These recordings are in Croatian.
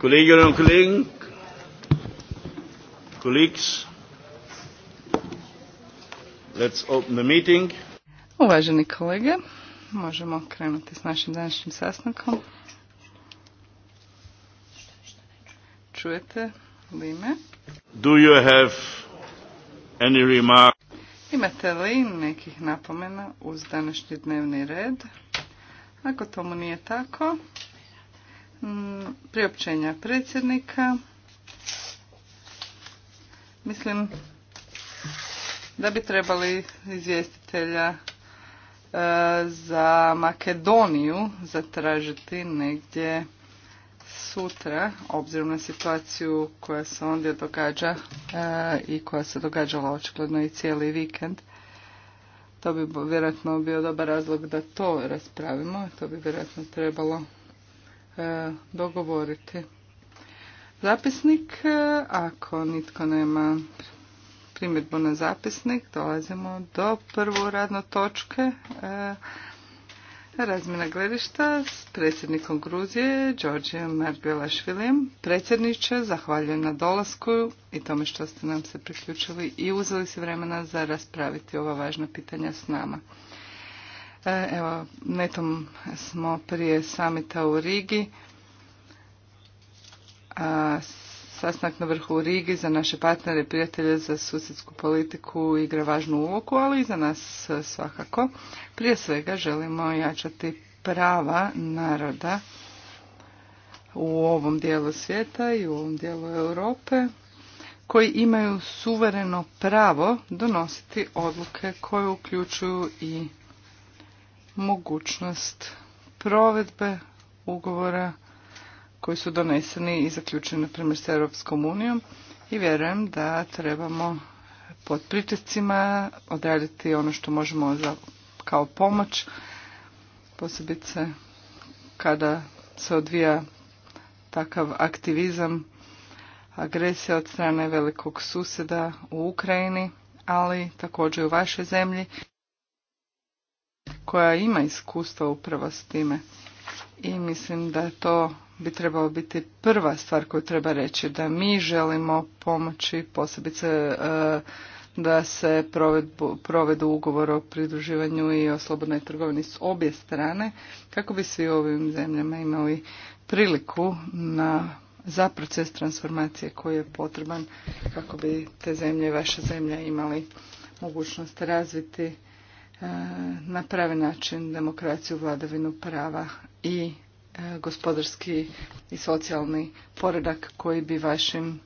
Kolleginnen let's open the meeting. Uvaženi kolege, možemo krenuti s našim današnjim sastankom. Čujete li me? Do you have any remark? Imate li nekih napomena uz današnji dnevni red? Ako tomu nije tako, priopćenja predsjednika. Mislim da bi trebali izvjestitelja e, za Makedoniju zatražiti negdje sutra, obzirom na situaciju koja se ondje događa e, i koja se događala očigledno i cijeli vikend. To bi vjerojatno bio dobar razlog da to raspravimo, to bi vjerojatno trebalo E, dogovoriti. Zapisnik, e, ako nitko nema primjedbu na zapisnik, dolazimo do prvo radno točke e, razmjena gledišta s predsjednikom Gruzije, Đorđijem Mergelašvilijem. Predsjedniče, zahvaljujem na dolasku i tome što ste nam se priključili i uzeli se vremena za raspraviti ova važna pitanja s nama. E, evo, netom smo prije samita u Rigi. A, e, sastanak na vrhu u Rigi za naše partnere i prijatelje za susjedsku politiku igra važnu ulogu, ali i za nas svakako. Prije svega želimo jačati prava naroda u ovom dijelu svijeta i u ovom dijelu Europe koji imaju suvereno pravo donositi odluke koje uključuju i mogućnost provedbe ugovora koji su doneseni i zaključeni, na primjer, s Europskom unijom i vjerujem da trebamo pod pritiscima odraditi ono što možemo kao pomoć, posebice kada se odvija takav aktivizam, agresija od strane velikog susjeda u Ukrajini, ali također i u vašoj zemlji koja ima iskustva upravo s time. I mislim da to bi trebalo biti prva stvar koju treba reći, da mi želimo pomoći posebice e, da se provedu ugovor o pridruživanju i o slobodnoj trgovini s obje strane, kako bi svi u ovim zemljama imali priliku na, za proces transformacije koji je potreban, kako bi te zemlje i vaše zemlja imali mogućnost razviti E, na pravi način demokraciju, vladavinu prava i e, gospodarski i socijalni poredak koji bi vašim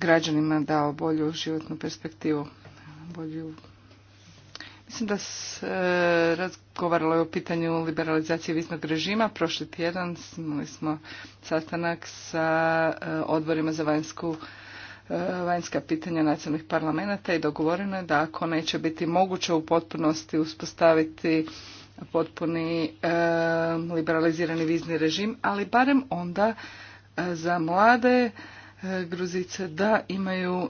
građanima dao bolju životnu perspektivu, bolju Mislim da se razgovaralo je o pitanju liberalizacije visnog režima. Prošli tjedan imali smo sastanak sa e, odborima za vanjsku E, vanjska pitanja nacionalnih parlamenta i dogovoreno je da ako neće biti moguće u potpunosti uspostaviti potpuni e, liberalizirani vizni režim, ali barem onda e, za mlade Gruzice da imaju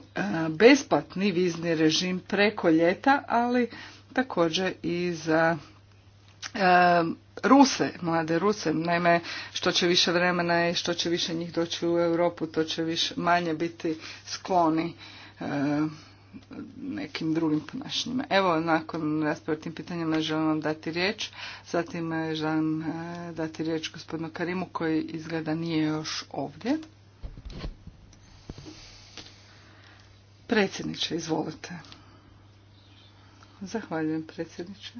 besplatni vizni režim preko ljeta, ali također i za Ruse, mlade Ruse, naime što će više vremena i što će više njih doći u Europu, to će više manje biti skloni nekim drugim ponašanjima. Evo, nakon rasprave tim pitanjima želim vam dati riječ, zatim eh, želim eh, dati riječ gospodinu Karimu koji izgleda nije još ovdje. Predsjedniče, izvolite. Zahvaljujem predsjedniče.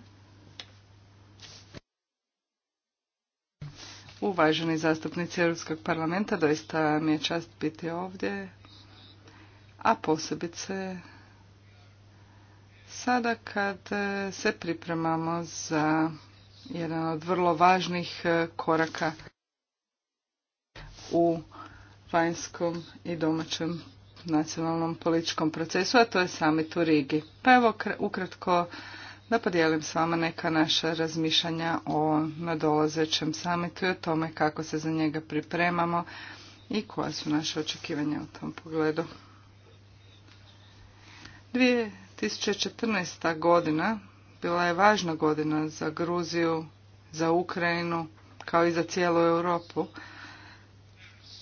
uvaženi zastupnici Europskog parlamenta, doista mi je čast biti ovdje, a posebice sada kad e, se pripremamo za jedan od vrlo važnih e, koraka u vanjskom i domaćem nacionalnom političkom procesu, a to je samit u Rigi. Pa evo ukratko da podijelim s vama neka naša razmišljanja o nadolazećem samitu i o tome kako se za njega pripremamo i koja su naše očekivanja u tom pogledu. 2014. godina bila je važna godina za Gruziju, za Ukrajinu, kao i za cijelu Europu.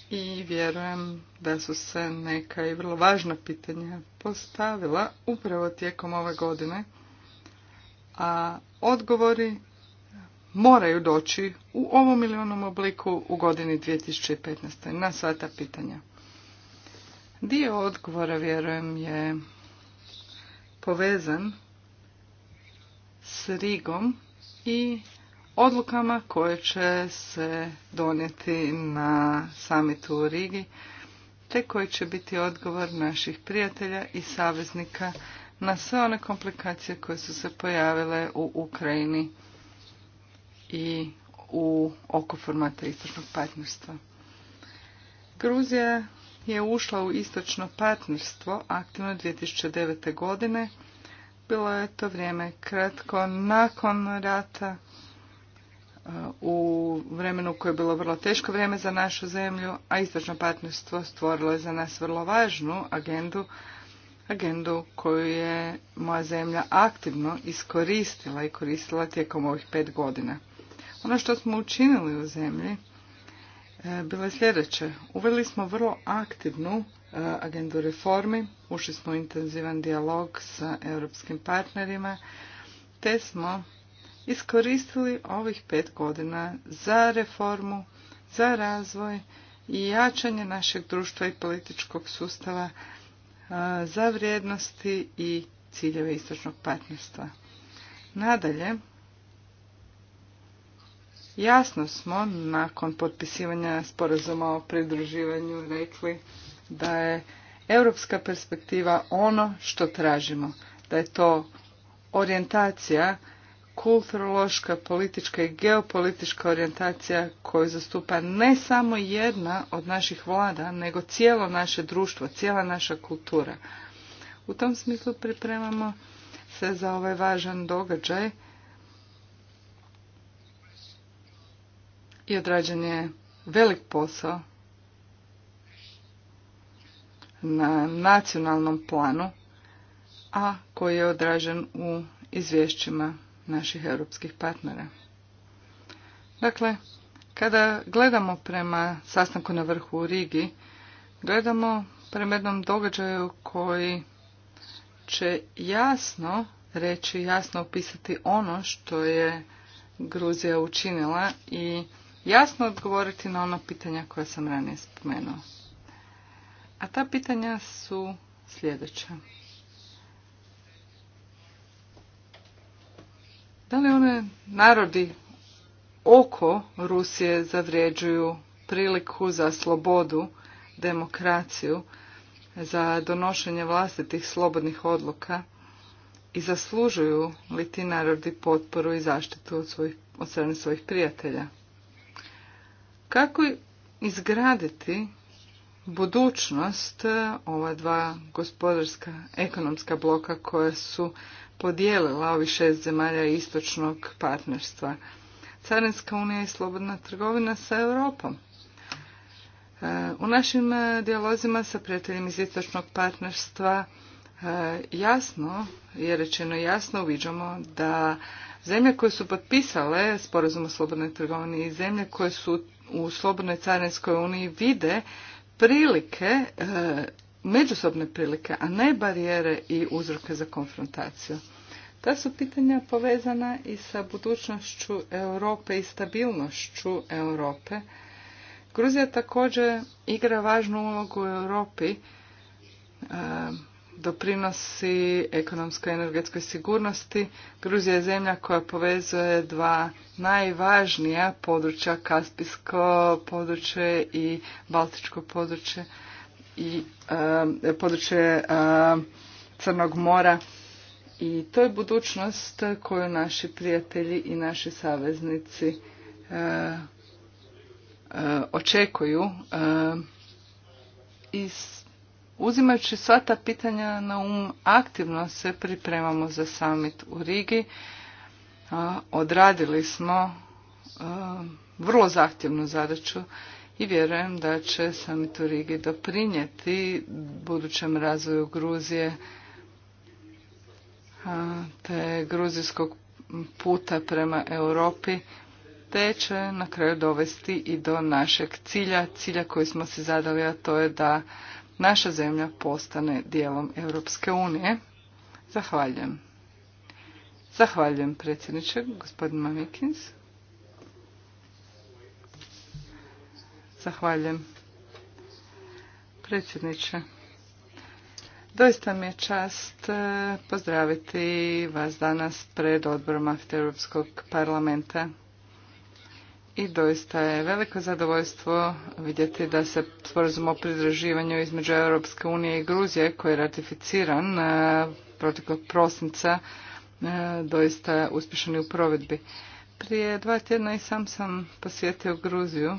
I vjerujem da su se neka i vrlo važna pitanja postavila upravo tijekom ove godine – a odgovori moraju doći u ovom ili onom obliku u godini 2015. na sva ta pitanja. Dio odgovora, vjerujem, je povezan s Rigom i odlukama koje će se donijeti na samitu u Rigi, te koji će biti odgovor naših prijatelja i saveznika na sve one komplikacije koje su se pojavile u Ukrajini i u oko formata istočnog partnerstva. Gruzija je ušla u istočno partnerstvo aktivno 2009. godine. Bilo je to vrijeme kratko nakon rata e, u vremenu koje je bilo vrlo teško vrijeme za našu zemlju, a istočno partnerstvo stvorilo je za nas vrlo važnu agendu agendu koju je moja zemlja aktivno iskoristila i koristila tijekom ovih pet godina. Ono što smo učinili u zemlji e, bilo je sljedeće. Uveli smo vrlo aktivnu e, agendu reformi, ušli smo u intenzivan dijalog sa europskim partnerima, te smo iskoristili ovih pet godina za reformu, za razvoj i jačanje našeg društva i političkog sustava za vrijednosti i ciljeve istočnog partnerstva. Nadalje, jasno smo nakon potpisivanja sporazuma o pridruživanju rekli da je europska perspektiva ono što tražimo, da je to orijentacija kulturološka, politička i geopolitička orijentacija koju zastupa ne samo jedna od naših vlada, nego cijelo naše društvo, cijela naša kultura. U tom smislu pripremamo se za ovaj važan događaj i odrađen je velik posao na nacionalnom planu, a koji je odražen u izvješćima naših europskih partnera. Dakle, kada gledamo prema sastanku na vrhu u Rigi, gledamo prema jednom događaju koji će jasno reći, jasno opisati ono što je Gruzija učinila i jasno odgovoriti na ona pitanja koja sam ranije spomenuo. A ta pitanja su sljedeća. Da li one narodi oko Rusije zavrijeđuju priliku za slobodu, demokraciju, za donošenje vlastitih slobodnih odluka i zaslužuju li ti narodi potporu i zaštitu od, svojih, od strane svojih prijatelja? Kako izgraditi budućnost e, ova dva gospodarska ekonomska bloka koja su podijelila ovi šest zemalja istočnog partnerstva. Carinska unija i slobodna trgovina sa Europom. E, u našim e, dijalozima sa prijateljima iz istočnog partnerstva jasno, je rečeno jasno, uviđamo da zemlje koje su potpisale sporazum o slobodnoj trgovini i zemlje koje su u slobodnoj carinskoj uniji vide prilike, e, međusobne prilike, a ne barijere i uzroke za konfrontaciju. Ta su pitanja povezana i sa budućnošću Europe i stabilnošću Europe. Gruzija također igra važnu ulogu u Europi e, doprinosi ekonomskoj energetskoj sigurnosti. Gruzija je zemlja koja povezuje dva najvažnija područja, Kaspijsko područje i Baltičko područje i e, područje e, Crnog mora. I to je budućnost koju naši prijatelji i naši saveznici e, očekuju iz Uzimajući sva ta pitanja na um, aktivno se pripremamo za summit u Rigi. Odradili smo vrlo zahtjevnu zadaću i vjerujem da će summit u Rigi doprinijeti budućem razvoju Gruzije te gruzijskog puta prema Europi te će na kraju dovesti i do našeg cilja, cilja koji smo se zadali, a to je da naša zemlja postane dijelom Europske unije. Zahvaljujem. Zahvaljujem predsjedniče, gospodin Mamikins. Zahvaljujem. Predsjedniče, doista mi je čast e, pozdraviti vas danas pred odborom Europskog parlamenta i doista je veliko zadovoljstvo vidjeti da se sporazum o pridruživanju između Europske unije i Gruzije koji je ratificiran e, proteklog prosinca e, doista uspješan i u provedbi. Prije dva tjedna i sam sam posjetio Gruziju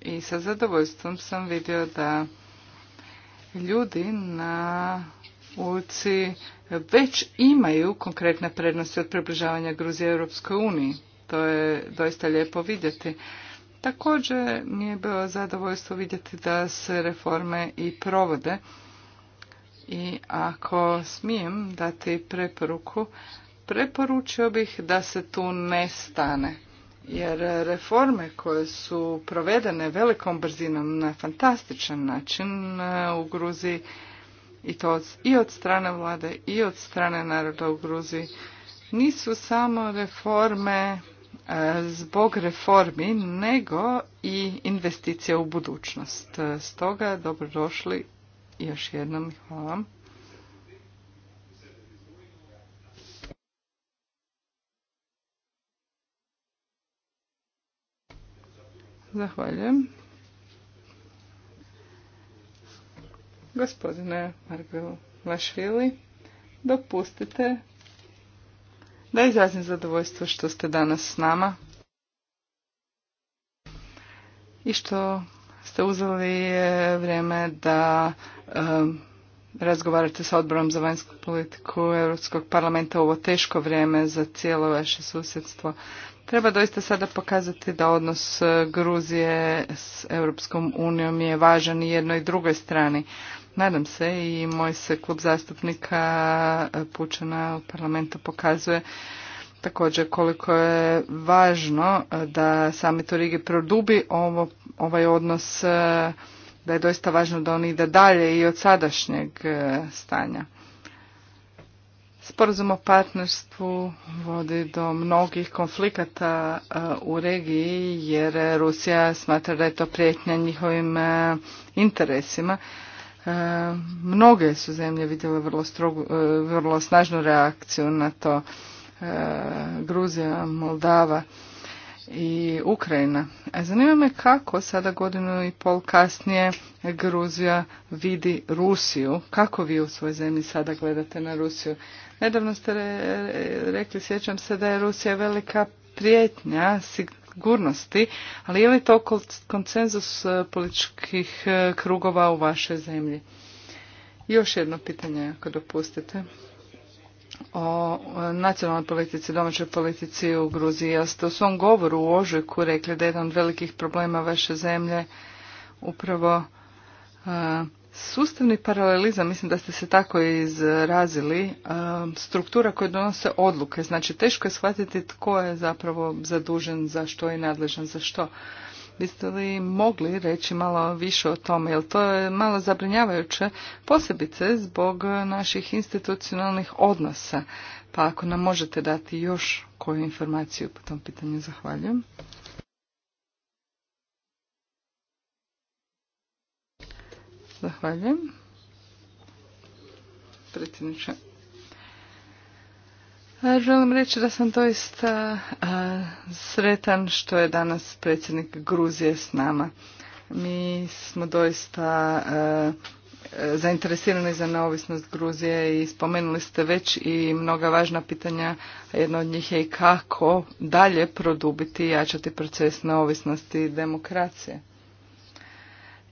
i sa zadovoljstvom sam vidio da ljudi na ulici već imaju konkretne prednosti od približavanja Gruzije Europskoj uniji. To je doista lijepo vidjeti. Također mi je bilo zadovoljstvo vidjeti da se reforme i provode. I ako smijem dati preporuku, preporučio bih da se tu ne stane. Jer reforme koje su provedene velikom brzinom na fantastičan način uh, u Gruziji i to i od strane vlade i od strane naroda u Gruziji nisu samo reforme zbog reformi nego i investicija u budućnost. Stoga dobrodošli još jednom hvala vam. Zahvaljujem. Gospodine Margo Vašvili, dopustite da izrazim zadovoljstvo što ste danas s nama i što ste uzeli eh, vrijeme da eh, razgovarate sa odborom za vanjsku politiku Europskog parlamenta u ovo teško vrijeme za cijelo vaše susjedstvo. Treba doista sada pokazati da odnos e, Gruzije s Europskom unijom je važan i jednoj i drugoj strani. Nadam se i moj se klub zastupnika e, Pučana u parlamentu pokazuje također koliko je važno e, da sami to Rigi produbi ovo, ovaj odnos da je doista važno da on ide dalje i od sadašnjeg e, stanja. Sporazum o partnerstvu vodi do mnogih konflikata e, u regiji jer Rusija smatra da je to prijetnja njihovim e, interesima. Mnoge su zemlje vidjele vrlo, strogu, vrlo snažnu reakciju na to. Gruzija, Moldava, i Ukrajina. A e, zanima me kako sada godinu i pol kasnije Gruzija vidi Rusiju. Kako vi u svojoj zemlji sada gledate na Rusiju? Nedavno ste rekli, sjećam se da je Rusija velika prijetnja sigurnosti, ali je li to konsenzus e, političkih e, krugova u vašoj zemlji? Još jedno pitanje, ako dopustite o nacionalnoj politici, domaćoj politici u Gruziji. Ja ste u svom govoru u Ožujku rekli da je jedan od velikih problema vaše zemlje upravo e, sustavni paralelizam, mislim da ste se tako izrazili, e, struktura koje donose odluke. Znači, teško je shvatiti tko je zapravo zadužen za što i nadležan za što. Biste li mogli reći malo više o tome, jer to je malo zabrinjavajuće, posebice zbog naših institucionalnih odnosa. Pa ako nam možete dati još koju informaciju po tom pitanju, zahvaljujem. Zahvaljujem. Predsjedniče. E, želim reći da sam doista e, sretan što je danas predsjednik Gruzije s nama. Mi smo doista e, zainteresirani za neovisnost Gruzije i spomenuli ste već i mnoga važna pitanja. Jedno od njih je i kako dalje produbiti i jačati proces neovisnosti i demokracije.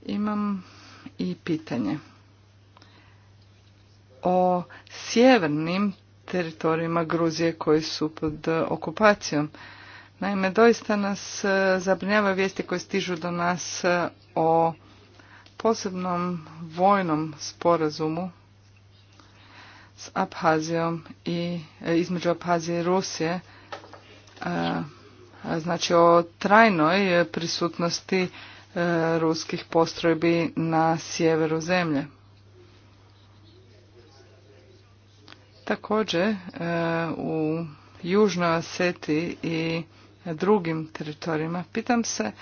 Imam i pitanje o sjevernim teritorijima Gruzije koji su pod okupacijom. Naime, doista nas e, zabrinjava vijesti koje stižu do nas e, o posebnom vojnom sporazumu s Abhazijom i e, između Abhazije i Rusije, znači o trajnoj prisutnosti ruskih postrojbi na sjeveru zemlje. Također e, u Južnoj Aseti i drugim teritorijima pitam se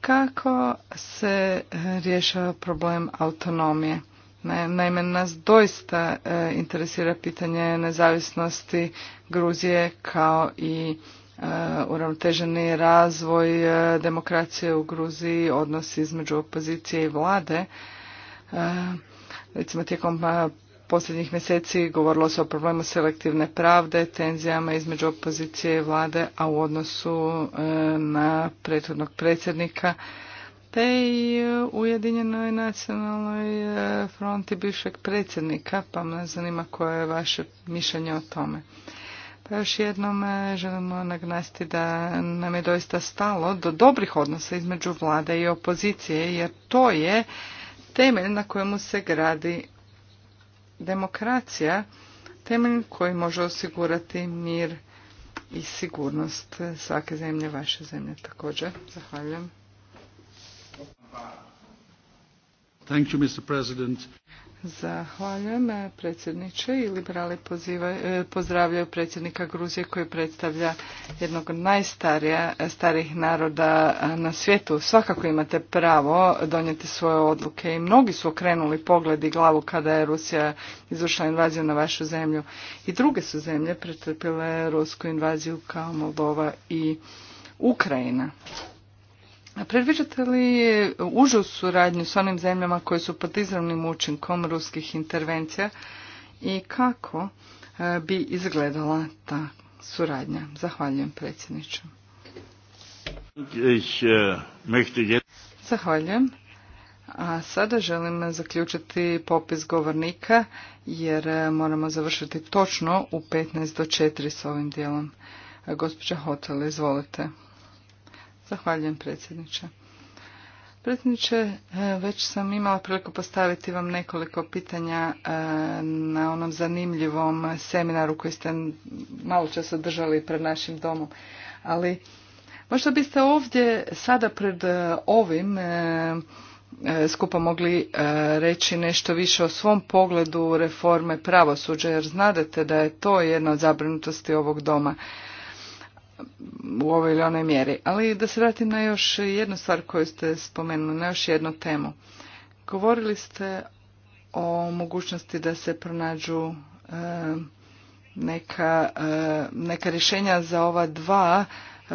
kako se e, rješava problem autonomije. Naime, nas doista e, interesira pitanje nezavisnosti Gruzije kao i uravnoteženi razvoj demokracije u Gruziji, odnos između opozicije i vlade. Recimo tijekom posljednjih mjeseci govorilo se o problemu selektivne pravde, tenzijama između opozicije i vlade, a u odnosu e, na prethodnog predsjednika, te i Ujedinjenoj nacionalnoj e, fronti bivšeg predsjednika, pa me zanima koje je vaše mišljenje o tome. Pa još jednom e, želimo nagnasti da nam je doista stalo do dobrih odnosa između vlade i opozicije, jer to je temelj na kojemu se gradi demokracija temelj koji može osigurati mir i sigurnost svake zemlje, vaše zemlje također. Zahvaljujem. Zahvaljujem eh, predsjedniče i liberali eh, pozdravljaju predsjednika Gruzije koji predstavlja jednog od najstarijih eh, naroda na svijetu. Svakako imate pravo donijeti svoje odluke i mnogi su okrenuli pogled i glavu kada je Rusija izvršila invaziju na vašu zemlju. I druge su zemlje pretrpile rusku invaziju kao Moldova i Ukrajina. Predviđate li užu suradnju s onim zemljama koje su pod izravnim učinkom ruskih intervencija i kako e, bi izgledala ta suradnja? Zahvaljujem predsjedniče. E, Zahvaljujem. A sada želim zaključiti popis govornika jer e, moramo završiti točno u 15 do 4 s ovim dijelom. Gospođa Hotel, izvolite. Zahvaljujem predsjedniče. Predsjedniče, e, već sam imala priliku postaviti vam nekoliko pitanja e, na onom zanimljivom seminaru koji ste malo čas održali pred našim domom, ali možda biste ovdje sada pred e, ovim skupa mogli reći nešto više o svom pogledu reforme pravosuđa, jer znadete da je to jedna od zabrinutosti ovog doma u ovoj ili onoj mjeri. Ali da se vratim na još jednu stvar koju ste spomenuli, na još jednu temu. Govorili ste o mogućnosti da se pronađu e, neka, e, neka rješenja za ova dva e,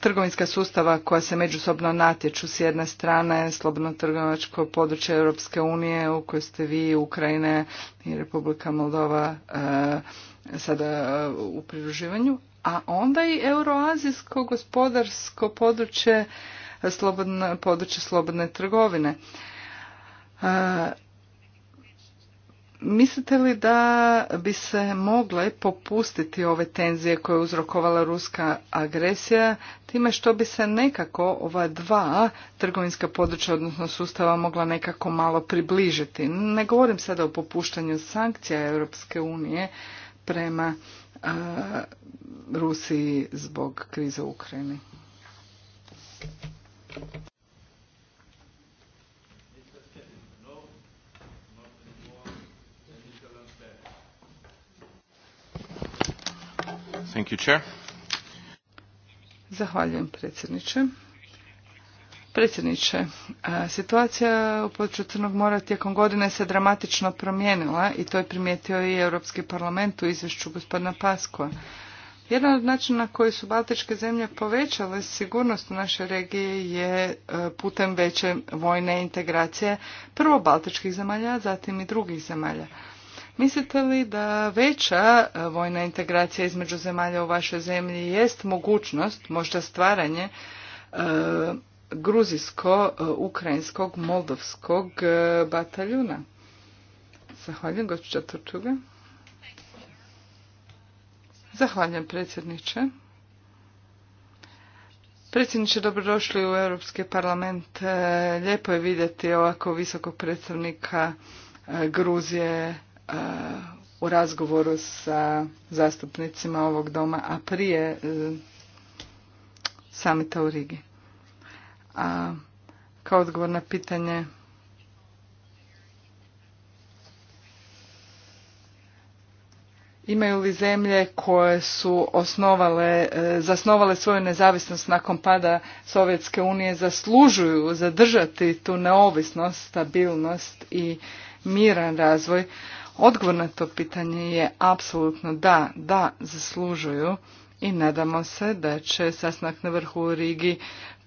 trgovinska sustava koja se međusobno natječu. S jedne strane slobodno trgovačko područje Europske unije u kojoj ste vi, Ukrajine i Republika Moldova sada u pridruživanju, a onda i euroazijsko gospodarsko područje, slobodne, područje slobodne trgovine. E, mislite li da bi se mogle popustiti ove tenzije koje je uzrokovala ruska agresija time što bi se nekako ova dva trgovinska područja odnosno sustava mogla nekako malo približiti? Ne govorim sada o popuštanju sankcija Europske unije prema Rusiji zbog krize u Ukrajini. Thank you, Chair. Zahvaljujem predsjedniče. Predsjedniče, e, situacija u području Crnog mora tijekom godine se dramatično promijenila i to je primijetio i Europski parlament u izvješću gospodina Paskova. Jedan od načina na koji su baltičke zemlje povećale sigurnost u našoj regiji je e, putem veće vojne integracije prvo baltičkih zemalja, zatim i drugih zemalja. Mislite li da veća e, vojna integracija između zemalja u vašoj zemlji jest mogućnost, možda stvaranje gruzijsko-ukrajinskog moldovskog e, bataljuna. Zahvaljujem, gospođa Turčuga. Zahvaljujem, predsjedniče. Predsjedniče, dobrodošli u Europski parlament. E, lijepo je vidjeti ovako visokog predstavnika e, Gruzije u razgovoru sa zastupnicima ovog doma, a prije samita u Rigi. A kao odgovor na pitanje imaju li zemlje koje su osnovale, e, zasnovale svoju nezavisnost nakon pada Sovjetske unije zaslužuju zadržati tu neovisnost, stabilnost i miran razvoj? Odgovor na to pitanje je apsolutno da, da zaslužuju i nadamo se da će sasnak na vrhu u Rigi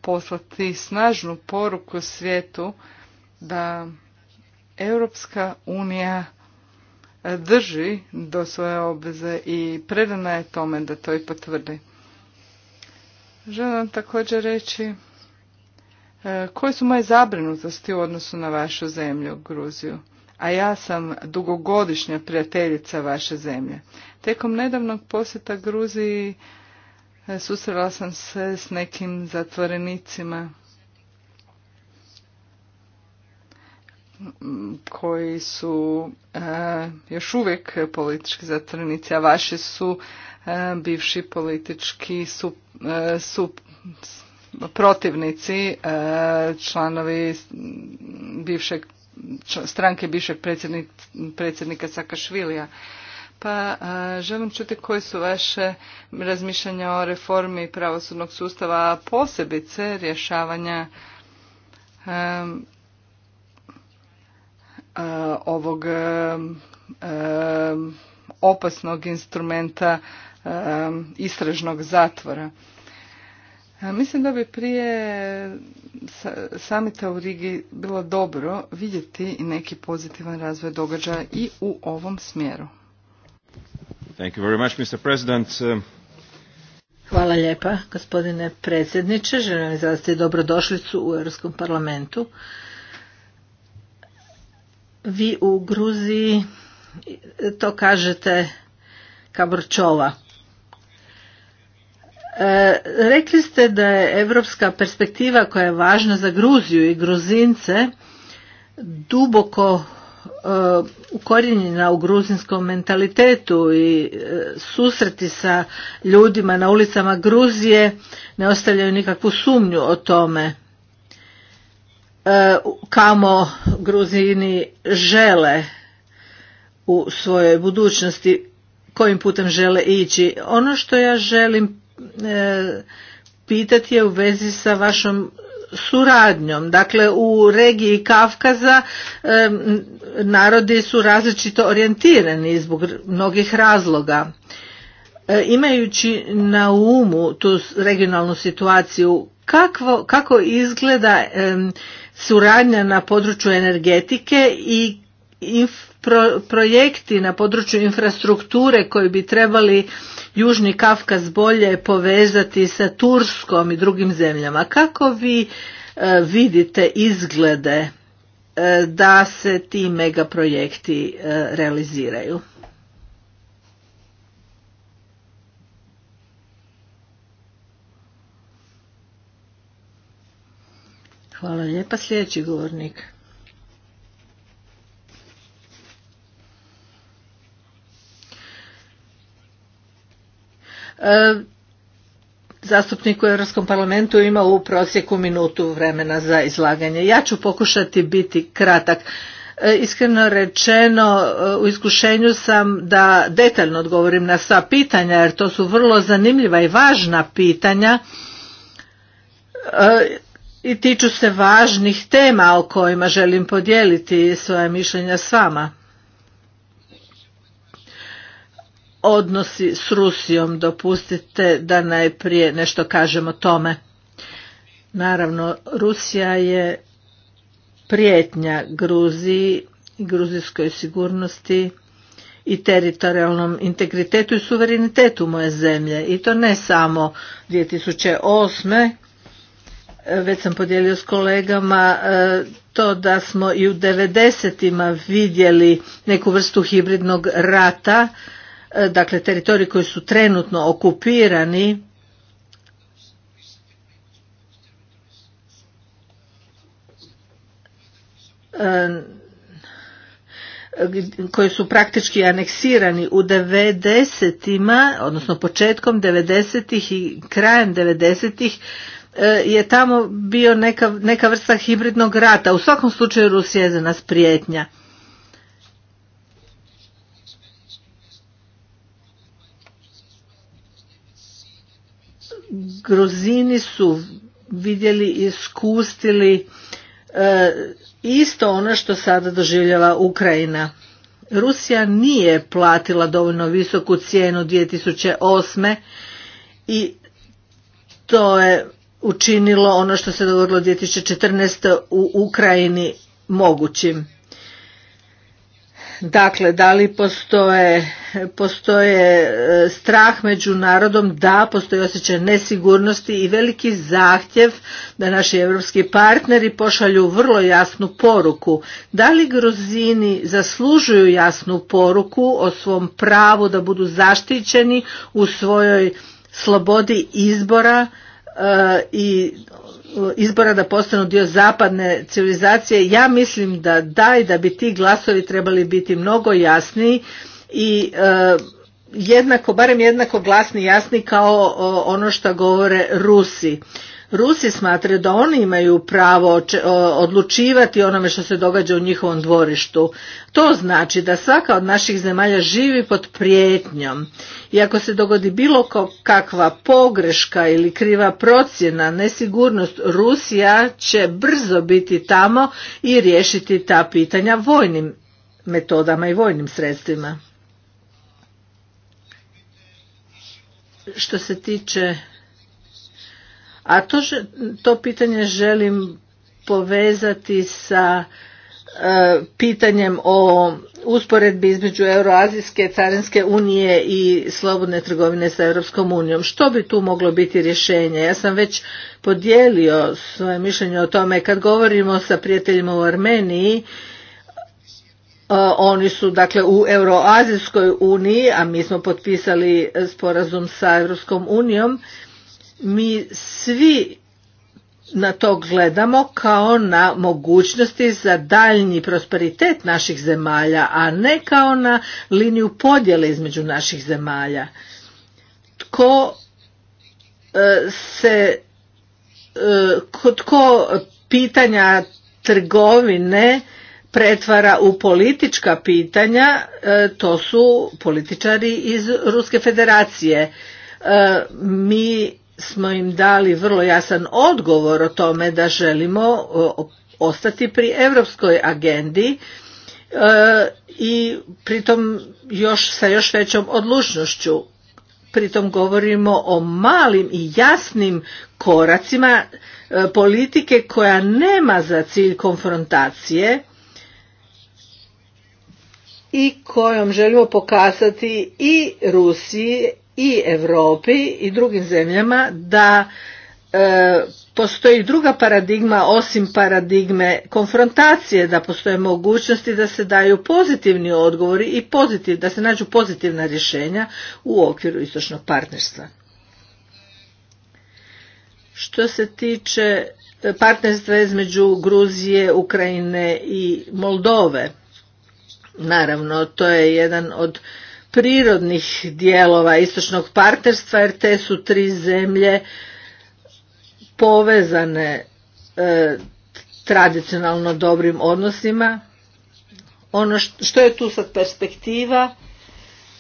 poslati snažnu poruku svijetu da Europska unija drži do svoje obveze i predana je tome da to i potvrdi. Želim također reći e, koje su moje zabrinutosti u odnosu na vašu zemlju, Gruziju. A ja sam dugogodišnja prijateljica vaše zemlje. Tekom nedavnog posjeta Gruziji E, susrela sam se s nekim zatvorenicima koji su e, još uvijek politički zatvorenici, a vaši su e, bivši politički su, protivnici, članovi bivšeg, stranke bivšeg predsjednika Sakašvilija. Pa želim čuti koje su vaše razmišljanja o reformi pravosudnog sustava, a posebice rješavanja ovog opasnog instrumenta istražnog zatvora. Mislim da bi prije samita u Rigi bilo dobro vidjeti neki pozitivan razvoj događaja i u ovom smjeru. Thank you Hvala lijepa, gospodine predsjedniče. Želim izraziti dobrodošlicu u Europskom parlamentu. Vi u Gruziji to kažete kabrčova. E, rekli ste da je europska perspektiva koja je važna za Gruziju i Gruzince duboko E, ukorjenjena u gruzinskom mentalitetu i e, susreti sa ljudima na ulicama Gruzije ne ostavljaju nikakvu sumnju o tome e, kamo Gruzini žele u svojoj budućnosti kojim putem žele ići. Ono što ja želim pitati je u vezi sa vašom suradnjom. Dakle, u regiji Kafkaza narodi su različito orijentirani zbog mnogih razloga. E, imajući na umu tu regionalnu situaciju, kako izgleda suradnja na području energetike i projekti na području infrastrukture koji bi trebali Južni Kafkas bolje povezati sa Turskom i drugim zemljama. Kako vi e, vidite izglede e, da se ti megaprojekti e, realiziraju? Hvala lijepa. Sljedeći govornik. E, zastupnik u Europskom parlamentu ima u prosjeku minutu vremena za izlaganje. Ja ću pokušati biti kratak. E, iskreno rečeno, e, u iskušenju sam da detaljno odgovorim na sva pitanja, jer to su vrlo zanimljiva i važna pitanja i tiču se važnih tema o kojima želim podijeliti svoje mišljenja s vama. odnosi s Rusijom. Dopustite da najprije nešto kažemo tome. Naravno, Rusija je prijetnja Gruziji i gruzijskoj sigurnosti i teritorijalnom integritetu i suverenitetu moje zemlje. I to ne samo 2008. Već sam podijelio s kolegama e, to da smo i u 90. vidjeli neku vrstu hibridnog rata E, dakle teritoriji koji su trenutno okupirani e, koji su praktički aneksirani u 90-ima, odnosno početkom 90-ih i krajem 90-ih e, je tamo bio neka, vrsta hibridnog rata. U svakom slučaju Rusija je za nas prijetnja. Grozini su vidjeli i iskustili e, isto ono što sada doživljava Ukrajina. Rusija nije platila dovoljno visoku cijenu 2008. i to je učinilo ono što se dogodilo 2014. u Ukrajini mogućim. Dakle, da li postoje, postoje e, strah među narodom, da, postoji osjećaj nesigurnosti i veliki zahtjev da naši europski partneri pošalju vrlo jasnu poruku. Da li grozini zaslužuju jasnu poruku o svom pravu da budu zaštićeni u svojoj slobodi izbora e, i izbora da postanu dio zapadne civilizacije. Ja mislim da da i da bi ti glasovi trebali biti mnogo jasniji i e, jednako, barem jednako glasni jasni kao ono što govore Rusi. Rusi smatraju da oni imaju pravo odlučivati onome što se događa u njihovom dvorištu. To znači da svaka od naših zemalja živi pod prijetnjom. I ako se dogodi bilo kakva pogreška ili kriva procjena, nesigurnost, Rusija će brzo biti tamo i riješiti ta pitanja vojnim metodama i vojnim sredstvima. Što se tiče a to, to pitanje želim povezati sa e, pitanjem o usporedbi između Euroazijske carinske unije i slobodne trgovine sa Europskom unijom. Što bi tu moglo biti rješenje? Ja sam već podijelio svoje mišljenje o tome. Kad govorimo sa prijateljima u Armeniji, e, oni su dakle u Euroazijskoj uniji, a mi smo potpisali sporazum sa Europskom unijom mi svi na to gledamo kao na mogućnosti za daljnji prosperitet naših zemalja, a ne kao na liniju podjele između naših zemalja. Tko e, se e, tko pitanja trgovine pretvara u politička pitanja, e, to su političari iz Ruske federacije. Mi smo im dali vrlo jasan odgovor o tome da želimo ostati pri europskoj agendi e, i pritom još sa još većom odlučnošću pritom govorimo o malim i jasnim koracima e, politike koja nema za cilj konfrontacije i kojom želimo pokazati i Rusiji i Europi i drugim zemljama da e, postoji druga paradigma osim paradigme konfrontacije da postoje mogućnosti da se daju pozitivni odgovori i pozitiv, da se nađu pozitivna rješenja u okviru istočnog partnerstva. Što se tiče e, partnerstva između Gruzije, Ukrajine i Moldove, naravno to je jedan od prirodnih dijelova istočnog partnerstva jer te su tri zemlje povezane e, tradicionalno dobrim odnosima. Ono što, je tu sad perspektiva,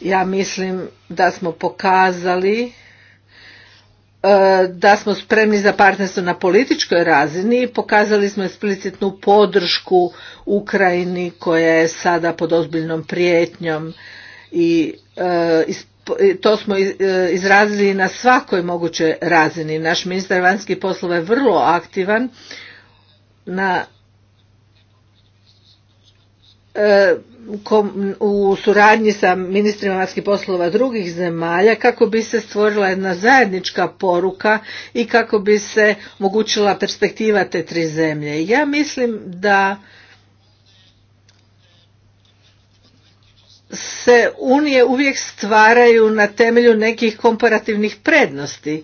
ja mislim da smo pokazali e, da smo spremni za partnerstvo na političkoj razini i pokazali smo eksplicitnu podršku Ukrajini koja je sada pod ozbiljnom prijetnjom E, i to smo e, izrazili na svakoj mogućoj razini. Naš ministar vanjskih poslova je vrlo aktivan na e, u suradnji sa ministrima vanjskih poslova drugih zemalja kako bi se stvorila jedna zajednička poruka i kako bi se omogućila perspektiva te tri zemlje. Ja mislim da se unije uvijek stvaraju na temelju nekih komparativnih prednosti.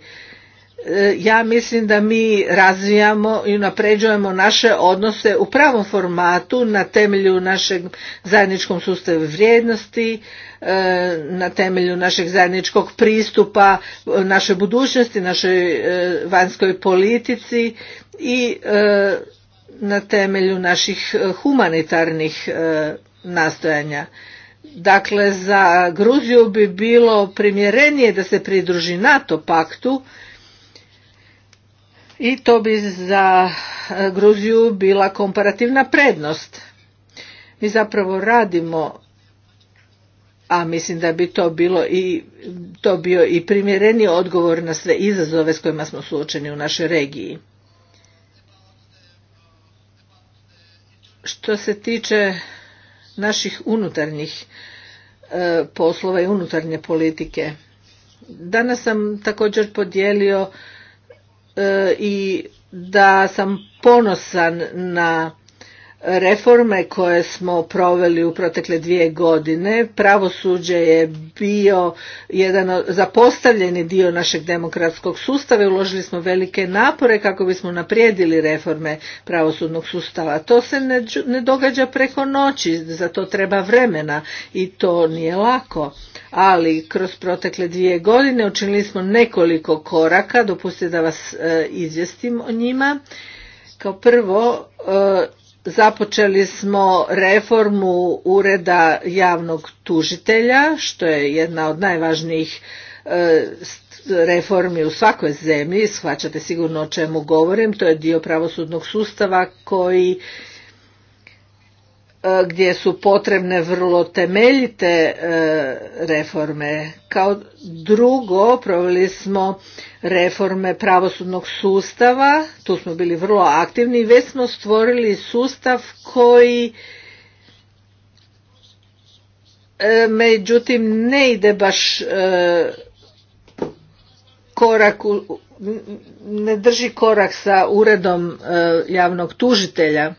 E, ja mislim da mi razvijamo i napređujemo naše odnose u pravom formatu na temelju našeg zajedničkog sustava vrijednosti, e, na temelju našeg zajedničkog pristupa, naše budućnosti, našoj e, vanjskoj politici i na temelju naših humanitarnih nastojanja Dakle, za Gruziju bi bilo primjerenije da se pridruži NATO paktu i to bi za Gruziju bila komparativna prednost. Mi zapravo radimo, a mislim da bi to bilo i to bio i primjereni odgovor na sve izazove s kojima smo suočeni u našoj regiji. Što se tiče naših unutarnjih e, poslova i unutarnje politike. Danas sam također podijelio e, i da sam ponosan na reforme koje smo proveli u protekle dvije godine. Pravosuđe je bio jedan zapostavljeni dio našeg demokratskog sustava i uložili smo velike napore kako bismo naprijedili reforme pravosudnog sustava. To se ne, događa preko noći, za to treba vremena i to nije lako. Ali kroz protekle dvije godine učinili smo nekoliko koraka, dopustite da vas e, izvjestim o njima. Kao prvo, e, započeli smo reformu ureda javnog tužitelja što je jedna od najvažnijih e, reformi u svakoj zemlji shvaćate sigurno o čemu govorim to je dio pravosudnog sustava koji E, gdje su potrebne vrlo temeljite e, reforme. Kao drugo proveli smo reforme pravosudnog sustava, tu smo bili vrlo aktivni i već smo stvorili sustav koji e, međutim ne ide baš korak ne drži korak sa uredom javnog tužitelja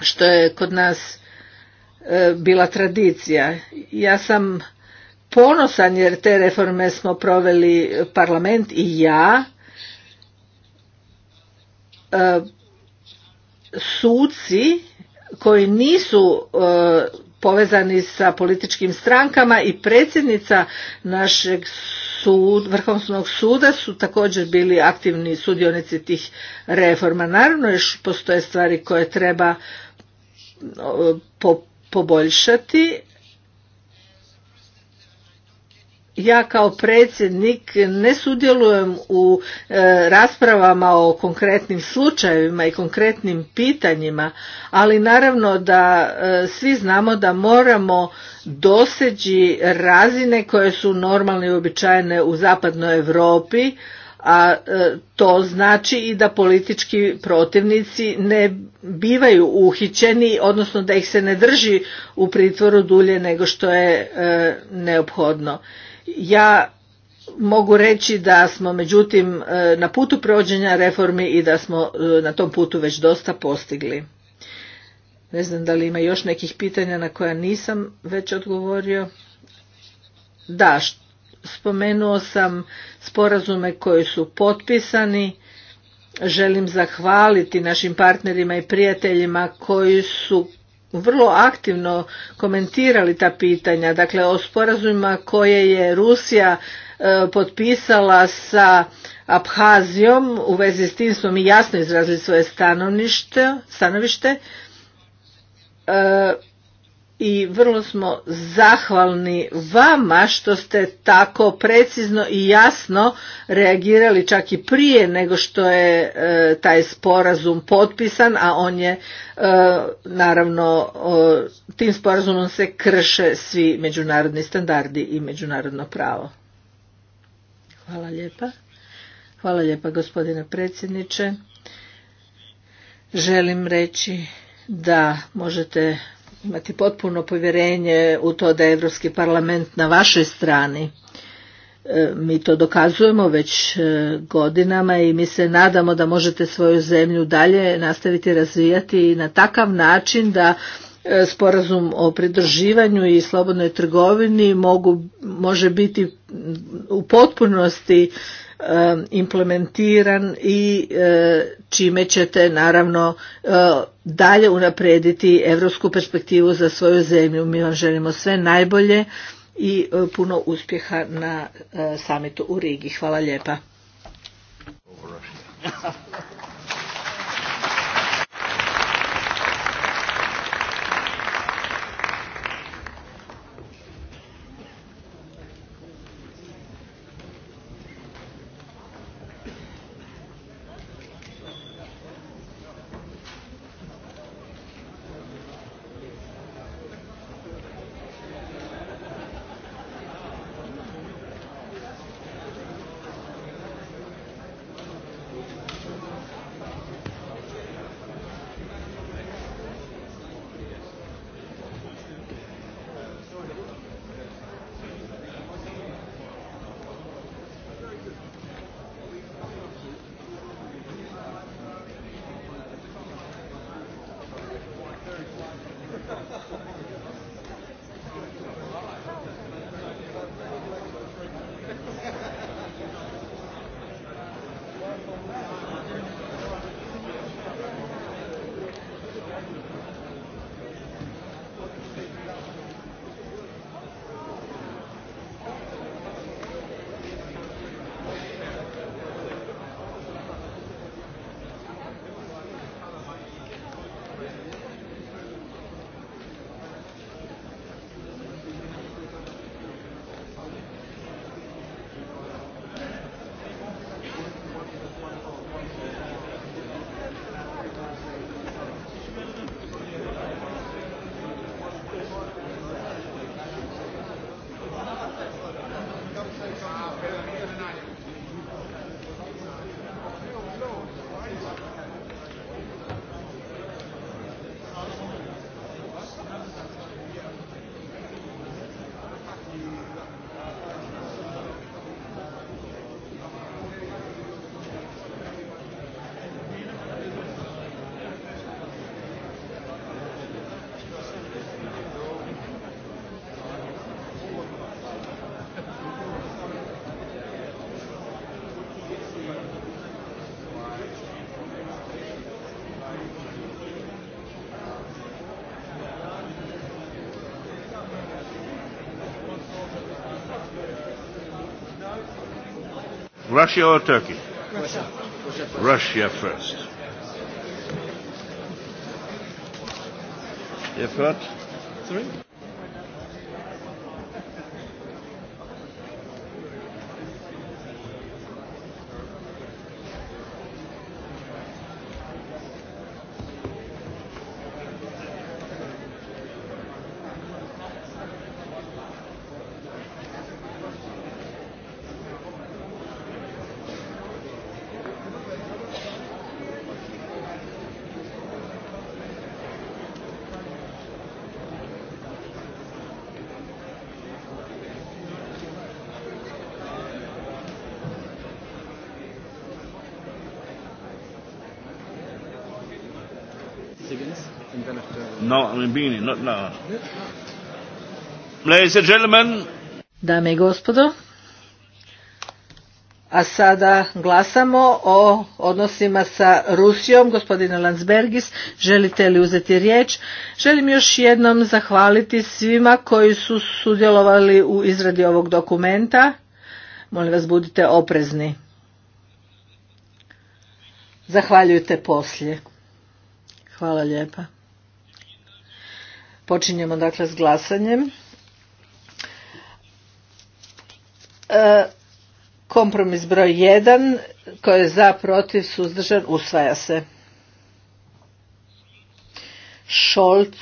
što je kod nas e, bila tradicija. Ja sam ponosan jer te reforme smo proveli parlament i ja e, suci koji nisu e, povezani sa političkim strankama i predsjednica našeg sud, Vrhovnog suda su također bili aktivni sudionici tih reforma. Naravno još postoje stvari koje treba poboljšati. Ja kao predsjednik ne sudjelujem u e, raspravama o konkretnim slučajevima i konkretnim pitanjima, ali naravno da e, svi znamo da moramo doseći razine koje su normalne i uobičajene u zapadnoj Europi a e, to znači i da politički protivnici ne bivaju uhićeni, odnosno da ih se ne drži u pritvoru dulje nego što je e, neophodno. Ja mogu reći da smo međutim e, na putu prođenja reformi i da smo na tom putu već dosta postigli. Ne znam da li ima još nekih pitanja na koja nisam već odgovorio. Da, spomenuo sam sporazume koji su potpisani. Želim zahvaliti našim partnerima i prijateljima koji su vrlo aktivno komentirali ta pitanja, dakle o sporazumima koje je Rusija e, potpisala sa Abhazijom u vezi s tim smo mi jasno izrazili svoje stanovište. E, i vrlo smo zahvalni vama što ste tako precizno i jasno reagirali čak i prije nego što je e, taj sporazum potpisan, a on je e, naravno tim sporazumom se krše svi međunarodni standardi i međunarodno pravo. Hvala lijepa. Hvala lijepa gospodine predsjedniče. Želim reći da možete imati potpuno povjerenje u to da je Europski parlament na vašoj strani. E, mi to dokazujemo već e, godinama i mi se nadamo da možete svoju zemlju dalje nastaviti razvijati i na takav način da e, sporazum o pridruživanju i slobodnoj trgovini mogu, može biti u potpunosti implementiran i e, čime ćete naravno e, dalje unaprediti europsku perspektivu za svoju zemlju. Mi vam želimo sve najbolje i e, puno uspjeha na samitu u Rigi. Hvala lijepa. Russia or Turkey? Russia. Russia first. Ihr hört? Sorry? not Dame i gospodo. A sada glasamo o odnosima sa Rusijom. Gospodine Landsbergis, želite li uzeti riječ? Želim još jednom zahvaliti svima koji su sudjelovali u izradi ovog dokumenta. Molim vas, budite oprezni. Zahvaljujte poslije. Hvala lijepa. Počinjemo dakle s glasanjem. E, kompromis broj 1 koji je za, protiv, suzdržan, usvaja se. Šolc.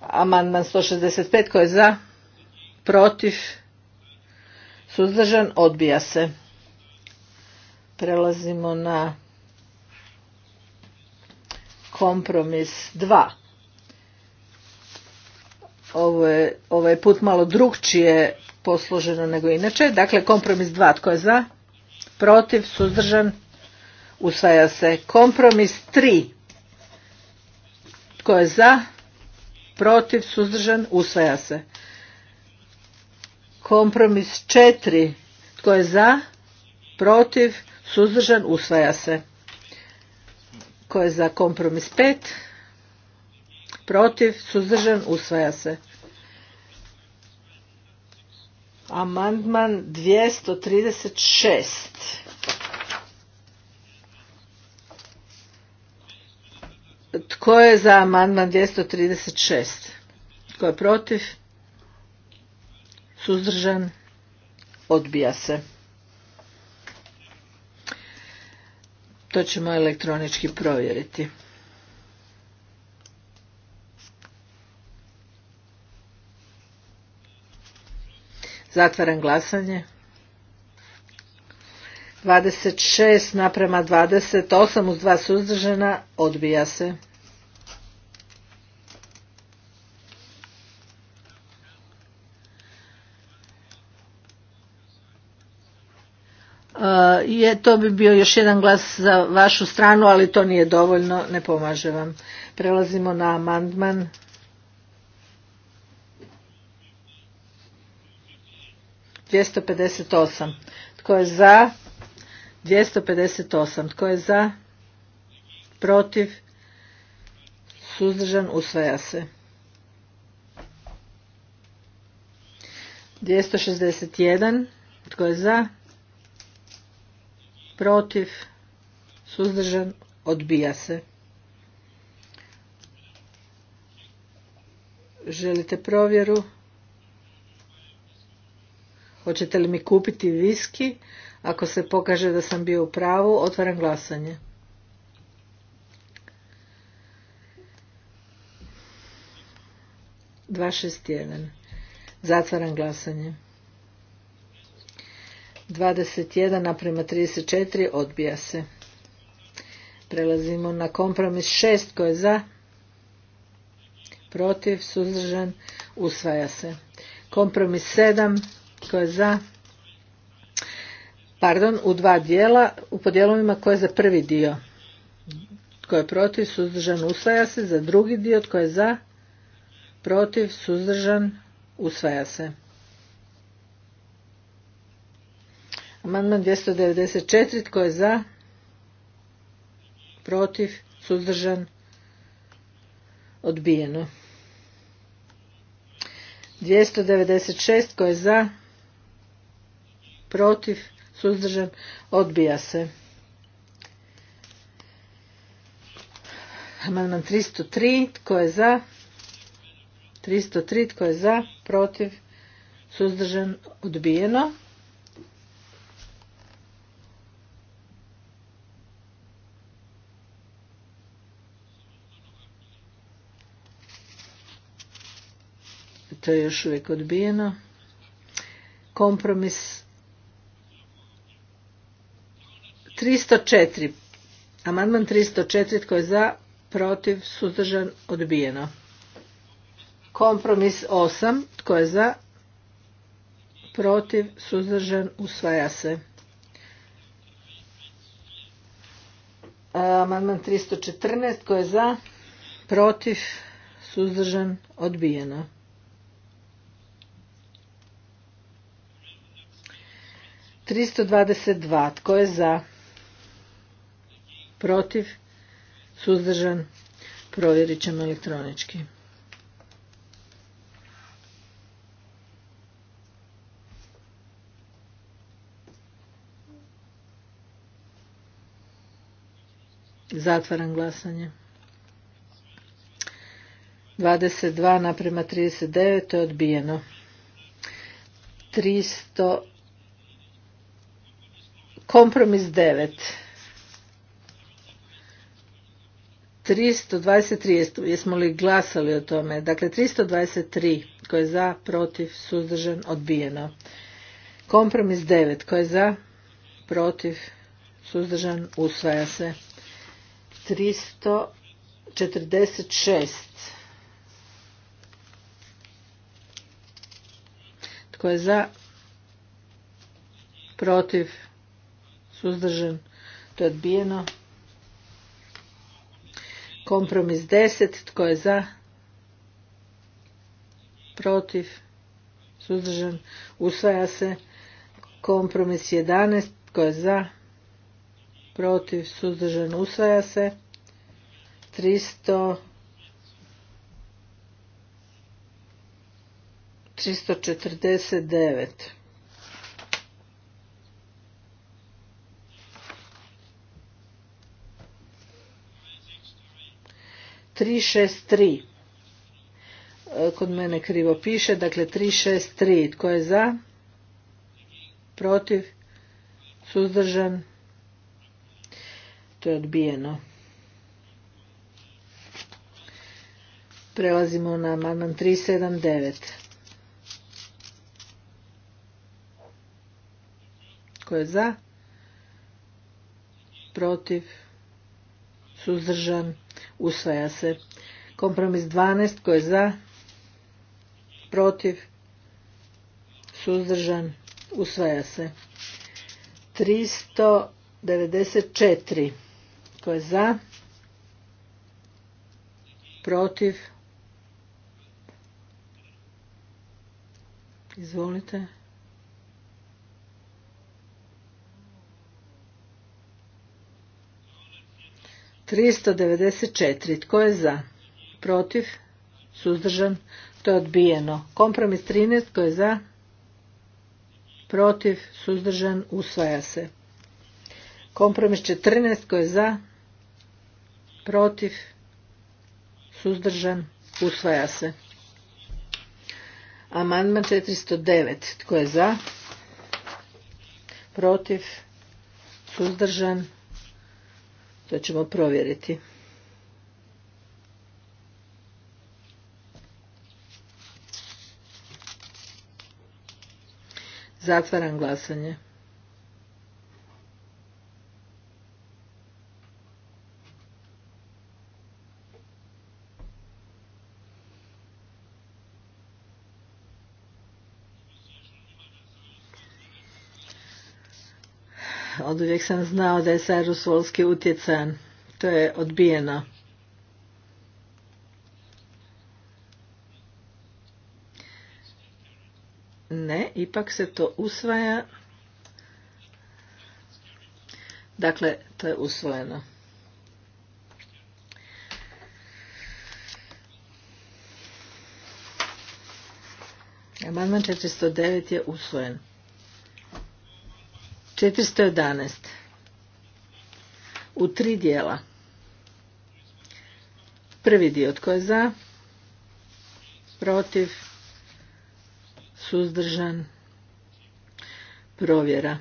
Amandman 165 koji je za, protiv, suzdržan, odbija se. Prelazimo na kompromis 2. Ovo je, put malo drugčije posloženo nego inače. Dakle, kompromis 2. Tko je za? Protiv? Suzdržan? Usvaja se. Kompromis 3. Tko je za? Protiv? Suzdržan? Usvaja se. Kompromis 4. Tko je za? Protiv? Suzdržan? Usvaja se. Tko je za kompromis 5? Protiv, suzdržan, usvaja se. Amandman 236. Tko je za amandman 236? Tko je protiv? Suzdržan? Odbija se. To ćemo elektronički provjeriti. Zatvaram glasanje. 26 naprema 28 uz 2 suzdržana odbija se. je, to bi bio još jedan glas za vašu stranu, ali to nije dovoljno, ne pomaže vam. Prelazimo na amandman. Dvjesto Tko je za? 258. Tko je za? Protiv? Suzdržan? Usvaja se. 261. Tko je za? protiv, suzdržan, odbija se. Želite provjeru? Hoćete li mi kupiti viski? Ako se pokaže da sam bio u pravu, otvaram glasanje. Dva šest jedan. Zatvaram glasanje. 21 naprema 34 odbija se. Prelazimo na kompromis 6 koji je za, protiv, suzdržan, usvaja se. Kompromis 7 koji je za, pardon, u dva dijela, u podjelovima koji je za prvi dio. Tko je protiv, suzdržan, usvaja se. Za drugi dio, tko je za, protiv, suzdržan, usvaja se. Amandman 294. Tko je za? Protiv? Suzdržan? Odbijeno. 296. Tko je za? Protiv? Suzdržan? Odbija se. Amandman 303. Tko je za? 303. Tko je za? Protiv? Suzdržan? Odbijeno. to je još uvijek odbijeno. Kompromis 304. Amandman 304 tko je za, protiv, suzdržan, odbijeno. Kompromis 8 tko je za, protiv, suzdržan, usvaja se. E, amandman 314 tko je za, protiv, suzdržan, odbijeno. 322. Tko je za? Protiv? Suzdržan? Provjerit ćemo elektronički. Zatvaram glasanje. 22 naprema 39 je odbijeno. 300 Kompromis 9. 323. Jesmo li glasali o tome? Dakle, 323. tko je za, protiv, suzdržan, odbijeno. Kompromis 9. tko je za, protiv, suzdržan, usvaja se. 346. Tko je za, protiv, suzdržan, to je odbijeno. Kompromis 10, tko je za, protiv, suzdržan, usvaja se. Kompromis 11, tko je za, protiv, suzdržan, usvaja se. 300 349 363. E, kod mene krivo piše, dakle 363. Tko je za? Protiv? Suzdržan? To je odbijeno. Prelazimo na amandman 379. Tko je za? Protiv? Suzdržan? usvaja se. Kompromis 12 koji je za, protiv, suzdržan, usvaja se. 394 koji je za, protiv, izvolite. 394. Tko je za? Protiv? Suzdržan? To je odbijeno. Kompromis 13. Tko je za? Protiv? Suzdržan? Usvaja se. Kompromis 14. Tko je za? Protiv? Suzdržan? Usvaja se. Amandman 409. Tko je za? Protiv? Suzdržan? To ćemo provjeriti. Zatvaram glasanje. uvijek sam znao da je Sarus Volski utjecan. To je odbijeno. Ne, ipak se to usvaja. Dakle, to je usvojeno. Amandman 409 je usvojen. 411. U tri dijela. Prvi dio tko je za, protiv, suzdržan, provjera.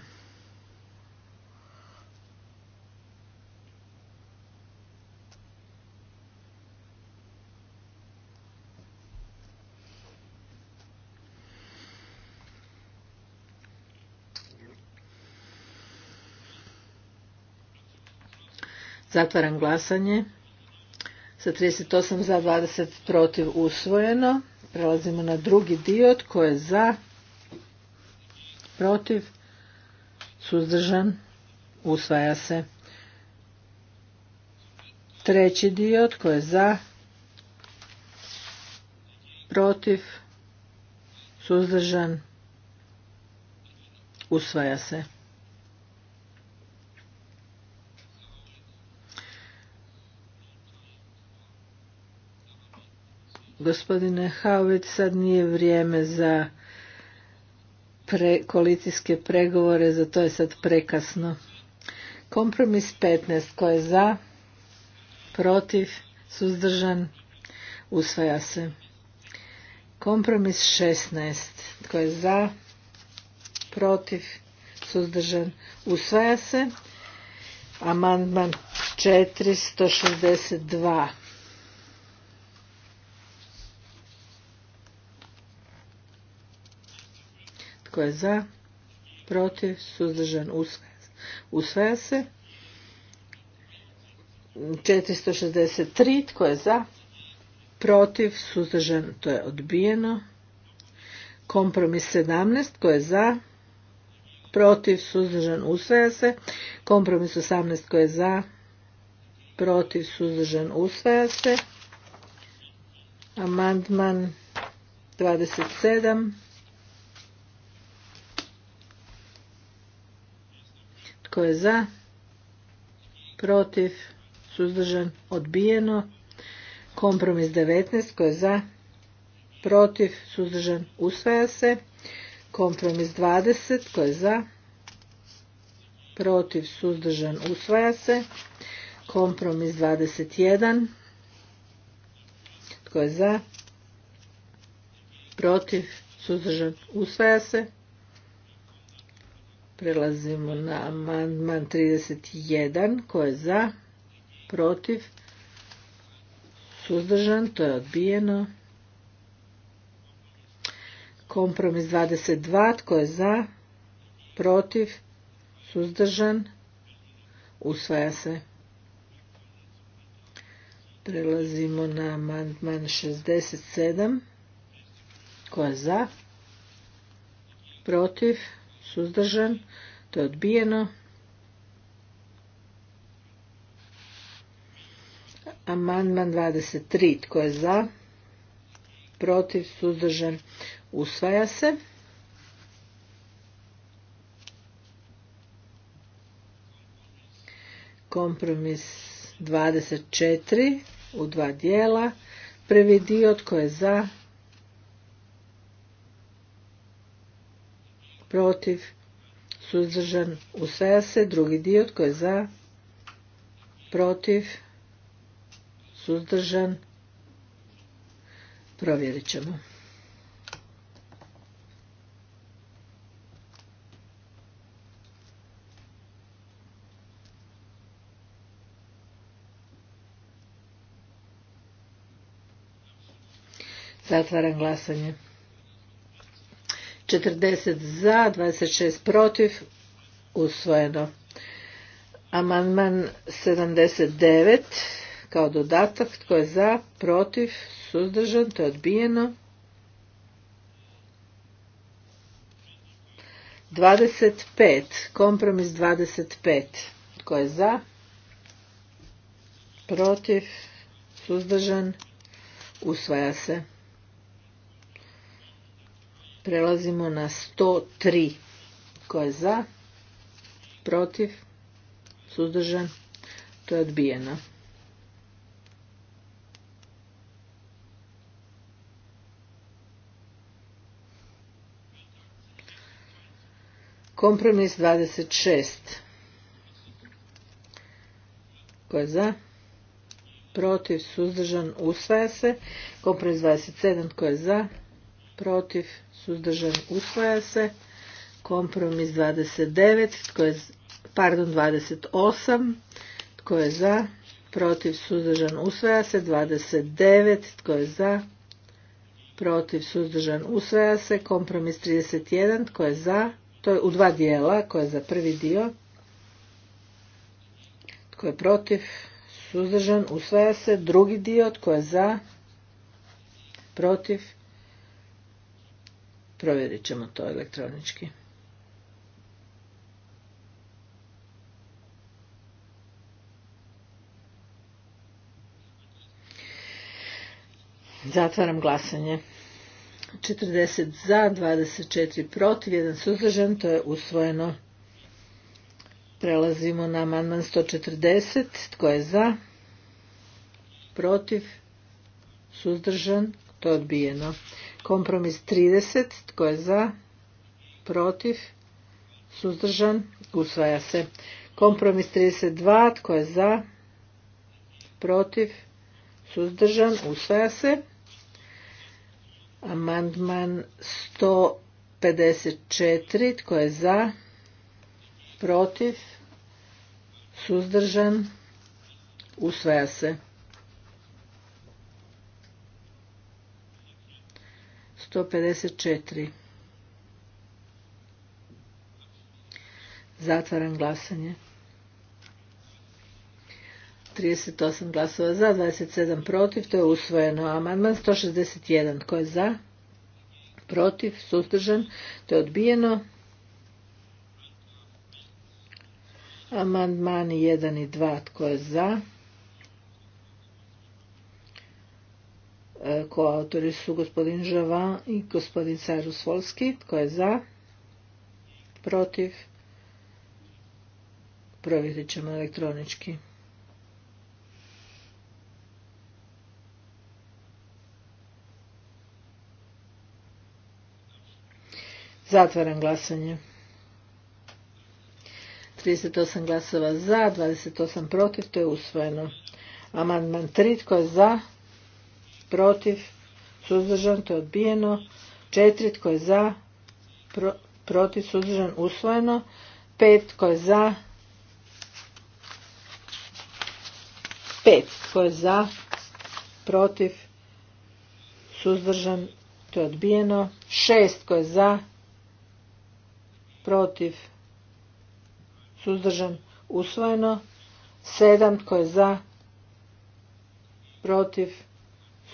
Zatvaram glasanje. Sa 38 za 20 protiv usvojeno. Prelazimo na drugi dio. Tko je za? Protiv? Suzdržan? Usvaja se. Treći dio. Tko je za? Protiv? Suzdržan? Usvaja se. Gospodine Hauvić, sad nije vrijeme za koalicijske pregovore, za to je sad prekasno. Kompromis 15, ko je za, protiv, suzdržan, usvaja se. Kompromis 16, tko je za, protiv, suzdržan, usvaja se. Amandman 462. Tko je za? Protiv? Suzdržan? Usvaja se. 463. Tko je za? Protiv? Suzdržan? To je odbijeno. Kompromis 17. Tko je za? Protiv? Suzdržan? Usvaja se. Kompromis 18. Tko je za? Protiv? Suzdržan? Usvaja se. Amandman 27. Tko je za? Protiv? Suzdržan? Odbijeno. Kompromis 19. Tko je za? Protiv? Suzdržan? Usvaja se. Kompromis 20. Tko je za? Protiv? Suzdržan? Usvaja se. Kompromis 21. Tko je za? Protiv? Suzdržan? Usvaja se. Prelazimo na amandman 31. Ko je za? Protiv? Suzdržan? To je odbijeno. Kompromis 22. Tko je za? Protiv? Suzdržan? Usvaja se. Prelazimo na amandman 67. Ko je za? Protiv? suzdržan, to je odbijeno. Amandman 23, tko je za, protiv, suzdržan, usvaja se. Kompromis 24 u dva dijela. Prvi dio tko je za, protiv, suzdržan, u se. Drugi dio tko je za, protiv, suzdržan, provjerit ćemo. Zatvaram glasanje. 40 za, 26 protiv, usvojeno. Amandman 79 kao dodatak, tko je za, protiv, suzdržan, to je odbijeno. 25, kompromis 25, tko je za, protiv, suzdržan, usvaja se. Prelazimo na 103. Ko je za? Protiv? Suzdržan? To je odbijeno. Kompromis 26. Ko je za? Protiv, suzdržan, usvaja se. Kompromis 27. Ko je za? protiv, suzdržan, usvaja se. Kompromis 29, tko je, pardon, 28, tko je za, protiv, suzdržan, usvaja se. 29, tko je za, protiv, suzdržan, usvaja se. Kompromis 31, tko je za, to je u dva dijela, tko je za prvi dio, tko je protiv, suzdržan, usvaja se. Drugi dio, tko je za, protiv, Provjerit ćemo to elektronički. Zatvaram glasanje. 40 za, 24 protiv, 1 suzdržan, to je usvojeno. Prelazimo na amandman 140. Tko je za? Protiv? Suzdržan? To je odbijeno. Kompromis 30. Tko je za? Protiv? Suzdržan? Usvaja se. Kompromis 32. Tko je za? Protiv? Suzdržan? Usvaja se. Amandman 154. Tko je za? Protiv? Suzdržan? Usvaja se. 154. Zatvaram glasanje. 38 glasova za, 27 protiv, to je usvojeno. Amandman 161, tko je za? Protiv, suzdržan, to je odbijeno. Amandmani 1 i 2, tko je za? Koautori su gospodin Žavan i gospodin Sarus Volski. Tko je za? Protiv? Provjerit ćemo elektronički. Zatvaram glasanje. 38 glasova za, 28 protiv, to je usvojeno. Amandman 3, tko je za? protiv, suzdržan, to je odbijeno. Četiri tko je za, protiv, suzdržan, usvojeno. Pet tko je za, pet tko je za, protiv, suzdržan, to je odbijeno. Šest tko je za, protiv, suzdržan, usvojeno. Sedam tko je za, protiv,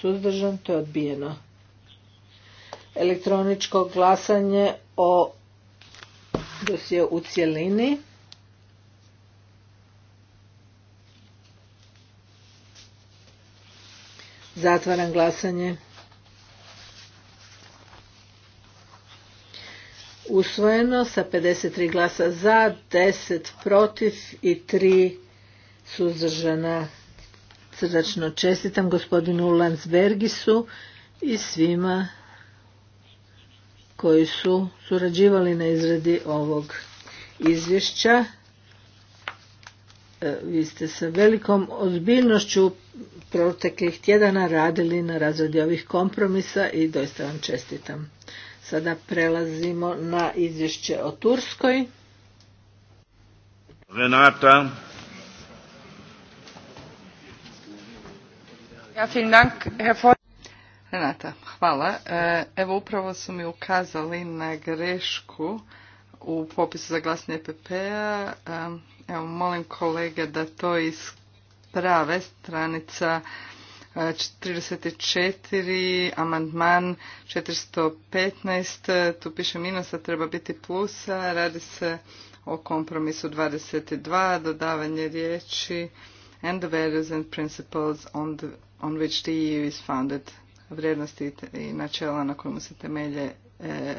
Suzdržan, to je odbijeno. Elektroničko glasanje o dosje u cjelini. Zatvaram glasanje. Usvojeno sa 53 glasa za, 10 protiv i 3 suzdržana srdačno čestitam gospodinu Landsbergisu i svima koji su surađivali na izradi ovog izvješća. E, vi ste sa velikom ozbiljnošću proteklih tjedana radili na razredi ovih kompromisa i doista vam čestitam. Sada prelazimo na izvješće o Turskoj. Renata Renata, hvala. E, evo upravo su mi ukazali na grešku u popisu za glasnje EPP-a. E, evo molim kolege da to isprave stranica 34, e, amandman 415, tu piše minusa, treba biti plusa, radi se o kompromisu 22, dodavanje riječi and the values and principles on the on which the EU is founded, vrijednosti i načela na kojima se temelje e,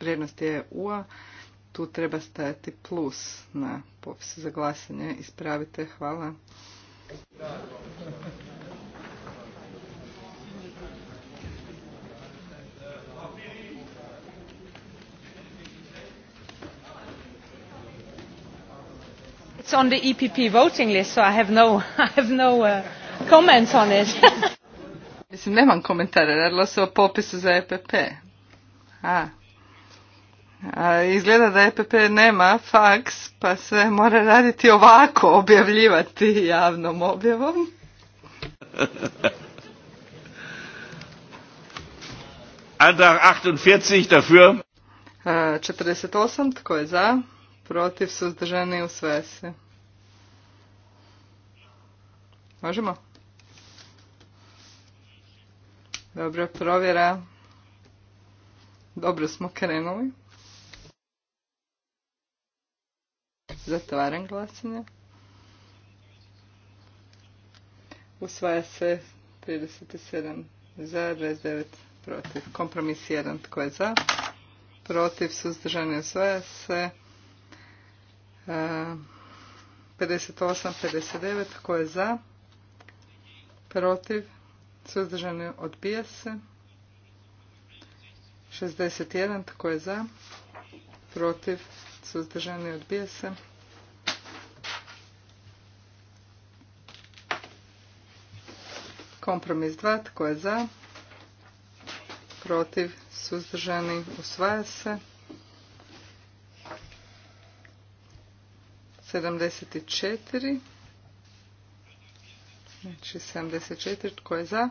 vrijednosti EU-a, tu treba stajati plus na popisu za glasanje. Ispravite, hvala. It's on the EPP voting list, so I have no, I have no uh, comments on it. Mislim, nemam komentara, radilo se o popisu za EPP. A. izgleda da EPP nema faks, pa se mora raditi ovako, objavljivati javnom objavom. Antrag 48 dafür. 48, tko je za? Protiv, suzdržani, u se. Možemo? Dobro, provjera. Dobro smo krenuli. Zatvaram glasanje. Usvaja se 37 za, 29 protiv. Kompromis 1, tko je za? Protiv, Suzdržanje usvaja se. 58, e, 59, tko je za? Protiv, Suzdržani odbija se. 61. Tko je za? Protiv. Suzdržani odbija se. Kompromis 2. Tko je za? Protiv. Suzdržani usvaja se. 74. Znači 74. Tko je za?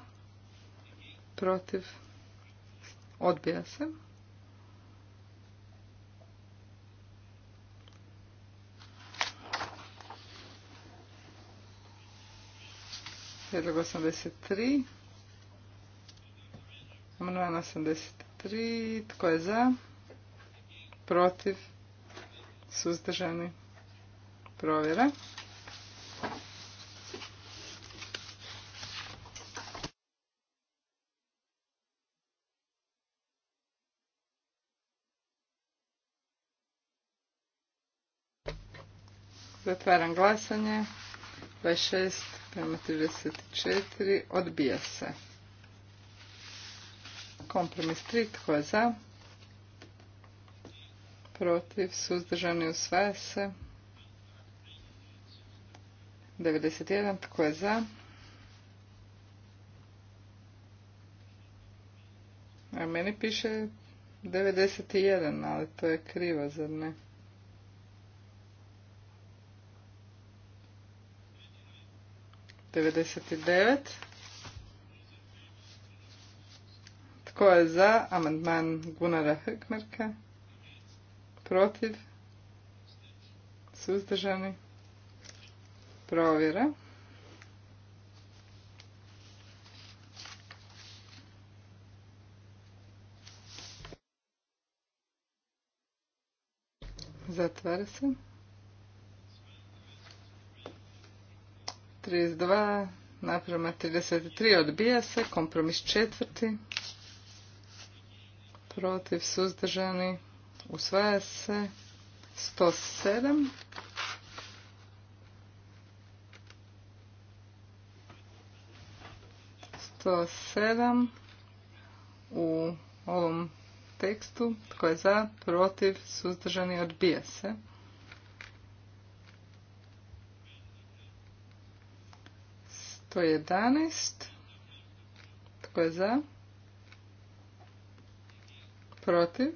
Protiv? Odbija se. Prijedlog 83. Amandman 83. Tko je za? Protiv? Suzdržani? Provjera. Zatvaram glasanje. 26 prema 34. Odbija se. Kompromis 3. Tko je za? Protiv. Suzdržani usvaja se. 91. Tko je za? A meni piše 91, ali to je krivo, zar ne? 99. Tko je za amandman Gunara Hegmarka? Protiv? Suzdržani? Provjera. Zatvara se. 32 naprema 33 odbija se. Kompromis četvrti. Protiv suzdržani usvaja se 107. 107 u ovom tekstu. Tko je za, protiv, suzdržani, odbija se. To je 11, Tko je za? Protiv?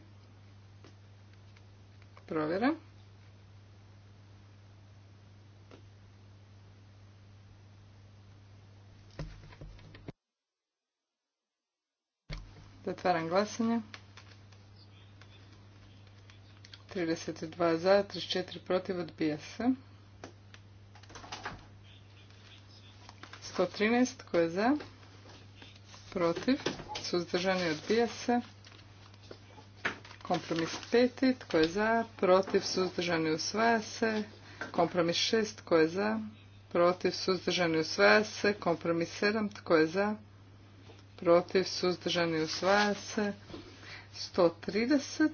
Provjera. Zatvaram glasanje. 32 za, 34 protiv, odbija se. 113. Tko je za? Protiv? Suzdržani odbija se. Kompromis 5. Tko je za? Protiv? Suzdržani usvaja se. Kompromis 6. Tko je za? Protiv? Suzdržani usvaja se. Kompromis 7. Tko je za? Protiv? Suzdržani usvaja se. 130.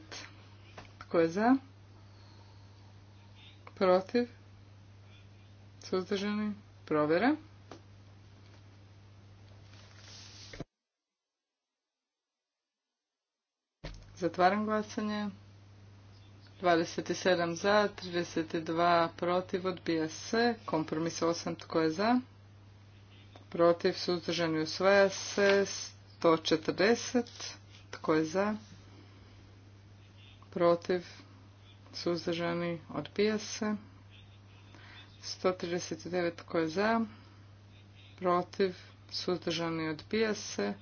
Tko je za? Protiv? Suzdržani? Provjera. Zatvaram glasanje. 27 za, 32 protiv, odbija se. Kompromis 8, tko je za? Protiv, suzdržani, usvaja se. 140, tko je za? Protiv, suzdržani, odbija se. 139, tko je za? Protiv, suzdržani, odbija se.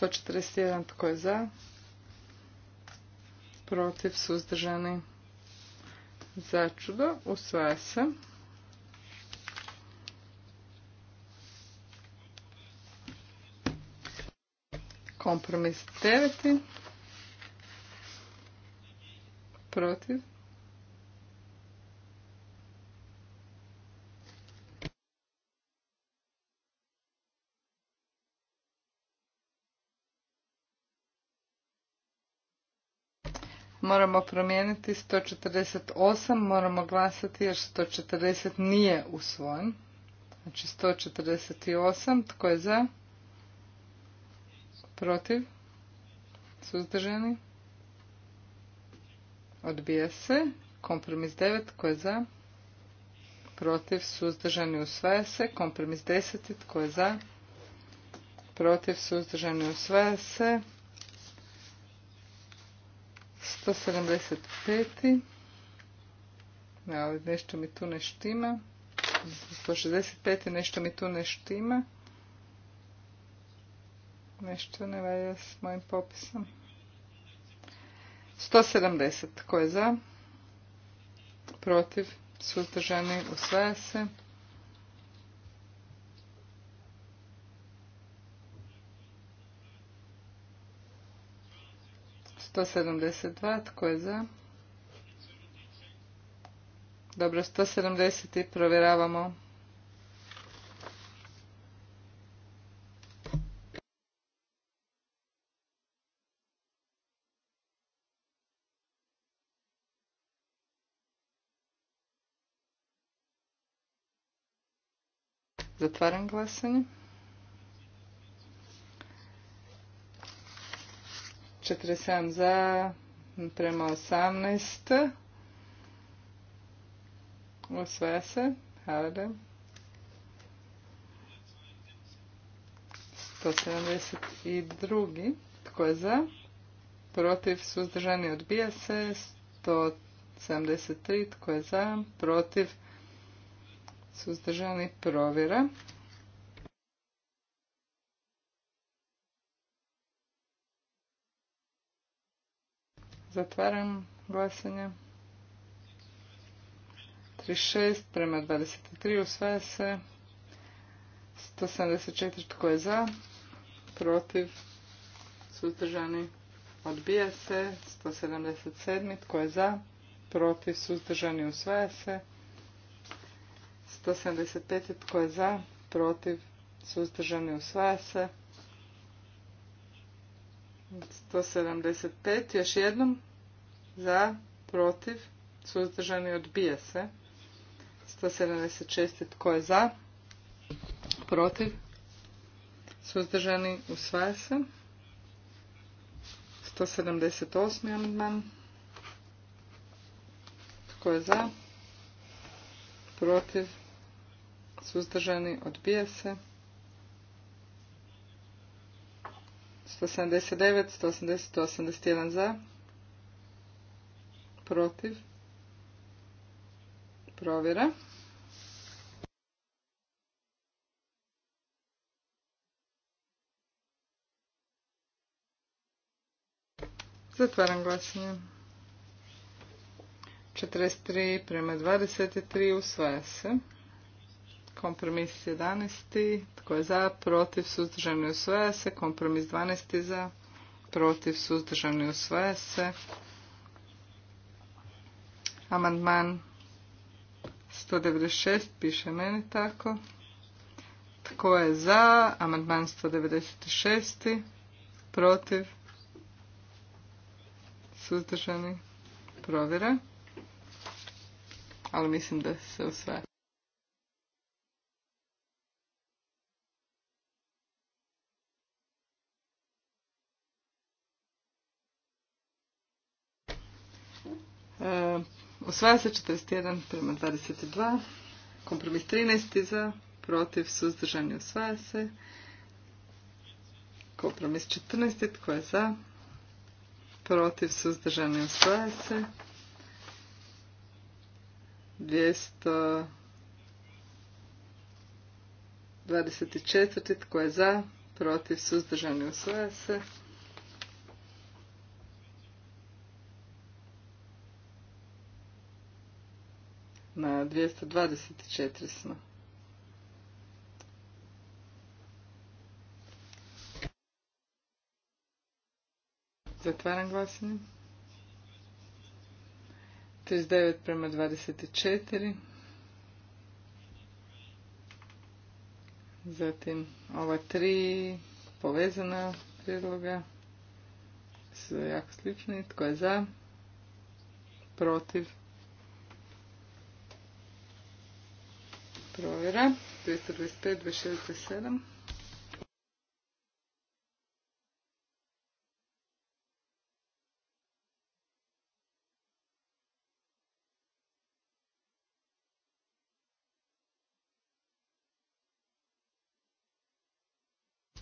141, tko je za? protiv, suzdržani, začudo, usvaja se. Kompromis 9. Protiv, moramo promijeniti 148, moramo glasati jer 140 nije usvojen. Znači 148, tko je za? Protiv? Suzdržani? Odbija se. Kompromis 9, tko je za? Protiv, suzdržani, usvaja se. Kompromis 10, tko je za? Protiv, suzdržani, usvaja se. 175. ali nešto mi tu ne štima. 165. nešto mi tu ne štima. Nešto ne valja s mojim popisom. 170. Ko je za? Protiv? Suzdržani? Usvaja se. 172. Tko je za? Dobro, 170. Provjeravamo. Zatvaram glasanje. 47 za prema 18. osvaja se. Hvala. 172. Tko je za? Protiv suzdržani odbija se. 173. Tko je za? Protiv suzdržani provjera. Zatvaram glasanje. 36 prema 23 usvaja se. 174 tko je za? Protiv? Suzdržani? Odbija se. 177 tko je za? Protiv? Suzdržani? Usvaja se. 175 tko je za? Protiv? Suzdržani? Usvaja se. 175, još jednom, za, protiv, suzdržani, odbija se. 176, tko je za, protiv, suzdržani, usvaja se. 178. amandman, tko je za, protiv, suzdržani, odbija se. 189, 180, 181 za. Protiv. Provjera. Zatvaram glasanje. 43 prema 23 usvaja se. Kompromis 11. Tko je za? Protiv. Suzdržani usvaja se. Kompromis 12. Za. Protiv. Suzdržani usvaja se. Amandman 196. Piše meni tako. Tko je za? Amandman 196. Protiv. Suzdržani. Provjera. Ali mislim da se usvaja. Osvaja e, se 41 prema 22. Kompromis 13 za, protiv, suzdržani, osvaja se. Kompromis 14. Tko je za? Protiv, suzdržani, osvaja se. 224. Tko je za? Protiv, suzdržani, usvaja se. Na 224 smo. Zatvaram glasanje. 39 prema 24. Zatim ova tri povezana prijedloga su jako slični. Tko je za? Protiv? provjera 225, 267. 27.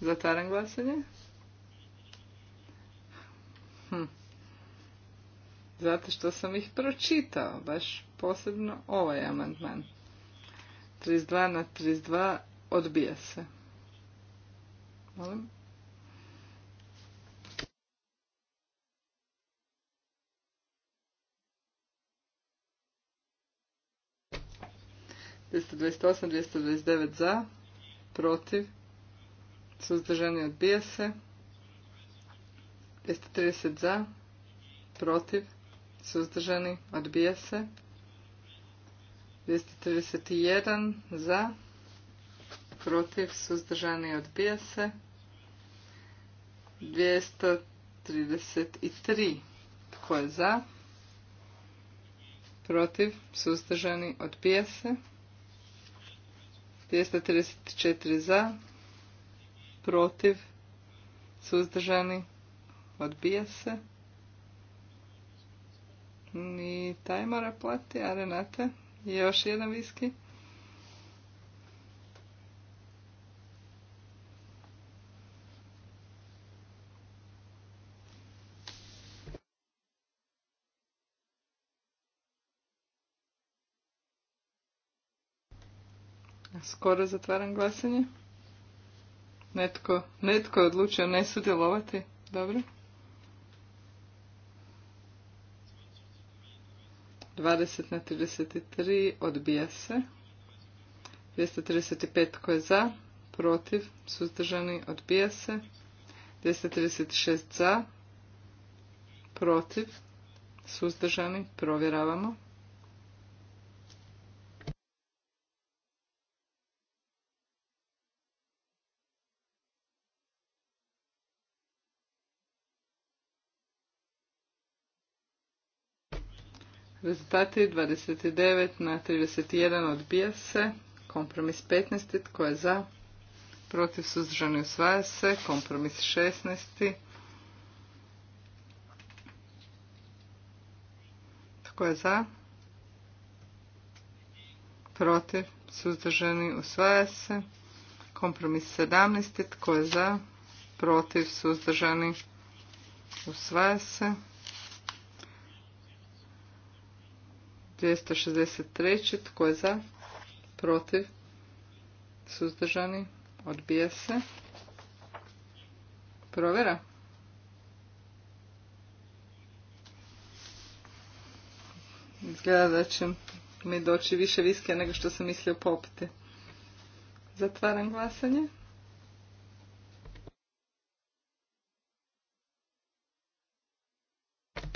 Zatvaram glasanje. Hm. Zato što sam ih pročitao, baš posebno ovaj amandman. 32 na 32 odbija se. Molim. Dvjesto 228, 229 za, protiv, suzdržani odbija se, 230 za, protiv, suzdržani odbija se, 231 za, protiv, suzdržani odbija se. 233 tko je za, protiv, suzdržani odbija se. 234 za, protiv, suzdržani odbija se. Ni taj mora plati, a još jedan viski. Skoro zatvaram glasanje. Netko, netko je odlučio ne sudjelovati. Dobro. 20 na 33 odbija se. 235 tko je za, protiv, suzdržani, odbija se. 236 za, protiv, suzdržani, provjeravamo. Rezultati 29 na 31 odbija se. Kompromis 15. Tko je za? Protiv suzdržani usvaja se. Kompromis 16. Tko je za? Protiv suzdržani usvaja se. Kompromis 17. Tko je za? Protiv suzdržani usvaja se. 263. Tko je za? Protiv? Suzdržani? Odbija se. Provera? Izgleda da će mi doći više viske nego što sam mislio popiti. Zatvaram glasanje.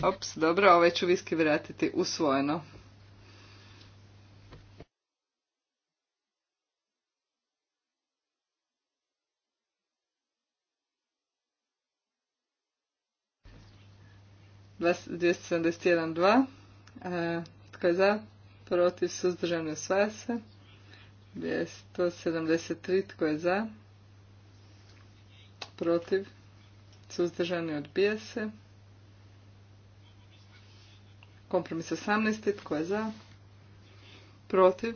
Ops, dobro, ove ovaj ću viski vratiti usvojeno. 271.2. E, tko je za? Protiv? Suzdržani? Osvaja se. 273. Tko je za? Protiv? Suzdržani? Odbija se. Kompromis 18. Tko je za? Protiv?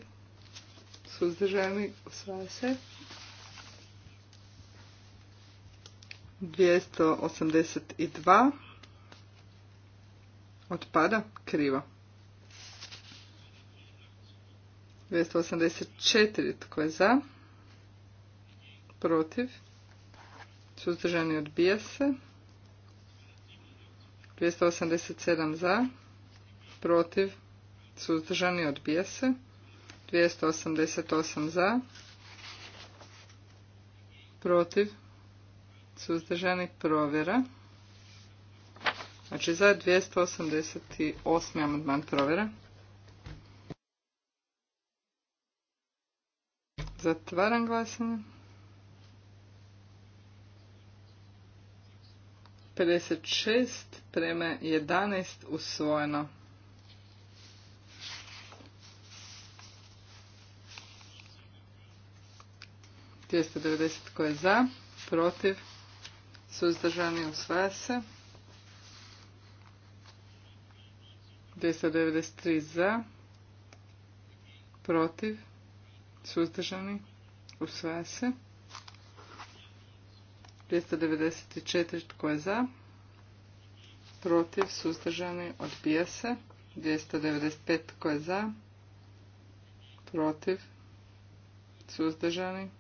Suzdržani? Osvaja se. 282. Otpada? Krivo. 284. Tko je za? Protiv? Suzdržani odbija se. 287 za. Protiv? Suzdržani odbija se. 288 za. Protiv? Suzdržani provjera. Znači za 288. amandman provjera. Zatvaram glasanje. 56 prema 11 usvojeno. Tijesto 90 koje je za, protiv, suzdržani usvaja se. 293 za, protiv, suzdržani, usvaja se. 294 tko je za, protiv, suzdržani, odbija se. 295 tko je za, protiv, suzdržani,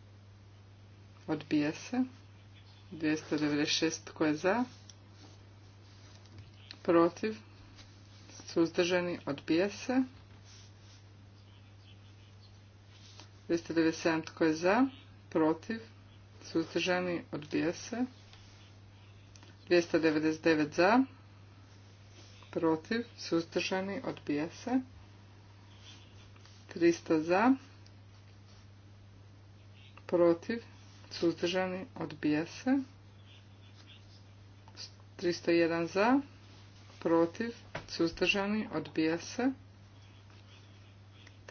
odbija se. 296 tko je za, protiv, suzdržani, odbija se. 297 tko je za, protiv, suzdržani, odbija se. 299 za, protiv, suzdržani, odbija se. 300 za, protiv, suzdržani, odbija se. 301 za, protiv, Suzdržani? Odbija se.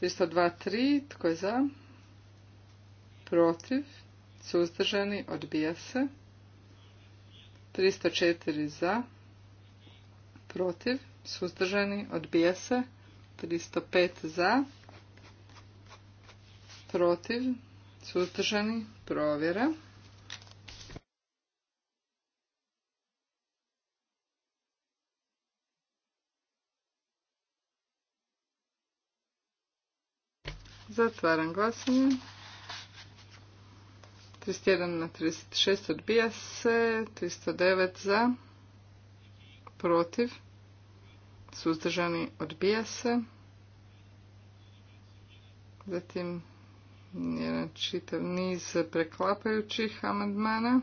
302.3. Tko je za? Protiv? Suzdržani? Odbija se. 304 za. Protiv? Suzdržani? Odbija se. 305 za. Protiv? Suzdržani? Provjera. Zatvaram glasanje. 31 na 36 odbija se. 309 za. Protiv. Suzdržani odbija se. Zatim jedan čitav niz preklapajućih amandmana.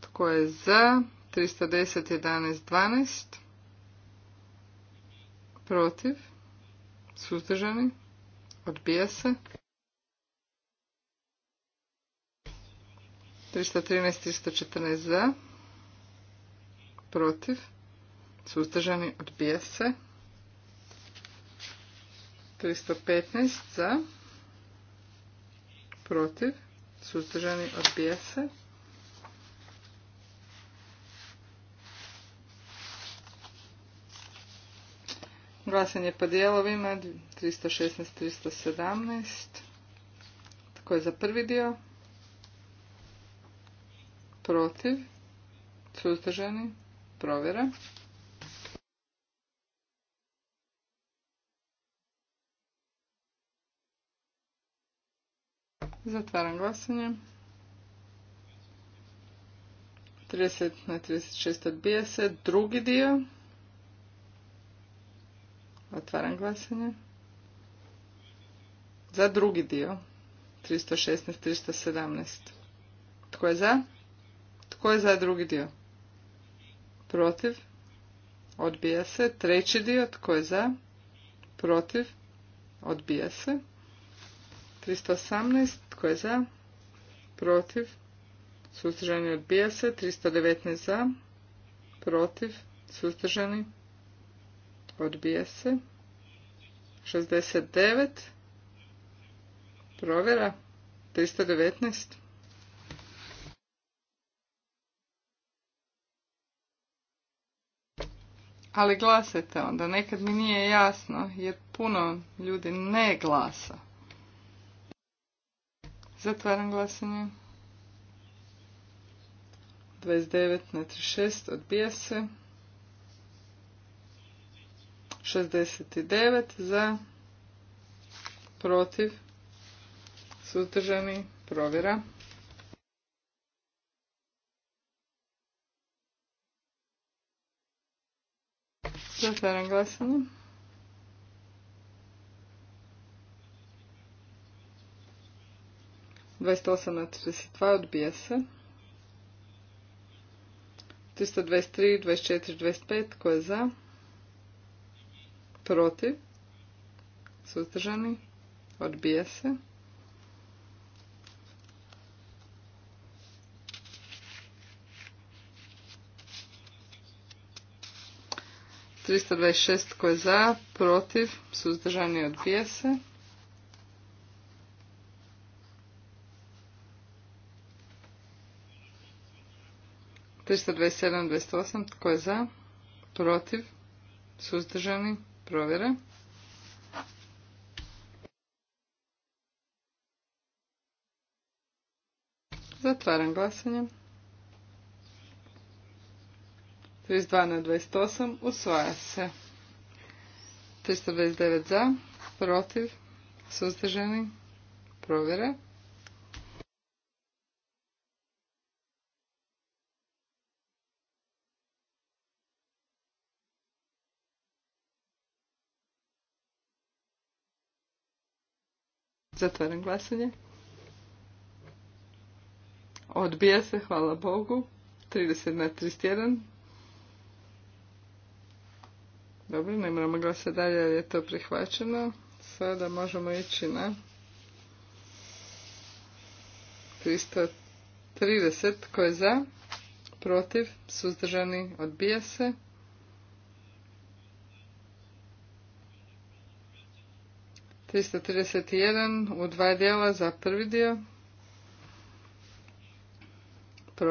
Tko je za? 310, 11, 12 protiv, suzdržani, odbija se. 313, 314 za, protiv, suzdržani, odbija se. 315 za, protiv, suzdržani, odbija se. Glasanje po dijelovima 316, 317. Tako je za prvi dio. Protiv. Suzdržani. Provjera. Zatvaram glasanje. 30 na 36 odbija se. Drugi dio. Otvaram glasanje. Za drugi dio. 316, 317. Tko je za? Tko je za drugi dio? Protiv? Odbija se. Treći dio. Tko je za? Protiv? Odbija se. 318. Tko je za? Protiv? Suzdržani odbija se. 319 za. Protiv? Suzdržani Odbije se. 69. Provjera. 319. Ali glasajte onda, nekad mi nije jasno, jer puno ljudi ne glasa. Zatvaram glasanje. 29 na 36, odbija se. 69 za, protiv, suzdržani, provjera. Zatvaram glasanje. Dvadeset osam na trideset dva odbija se. Tristo tri, četiri dvadeset pet, tko je za? protiv, suzdržani, odbija se. Tristo dvadeset šest tko je za, protiv, suzdržani, odbija se. 327, osam. Tko je za? Protiv? Suzdržani? provjera. Zatvaram glasanje. 32 na 28 usvaja se. 329 za, protiv, suzdržani, provjera. Zatvaram glasanje. Odbija se, hvala Bogu. 30 na 31. Dobro, ne moramo glasati dalje ali je to prihvaćeno. Sada možemo ići na 330. Ko je za? Protiv? Suzdržani? Odbija se. 331 u dva dijela za prvi dio.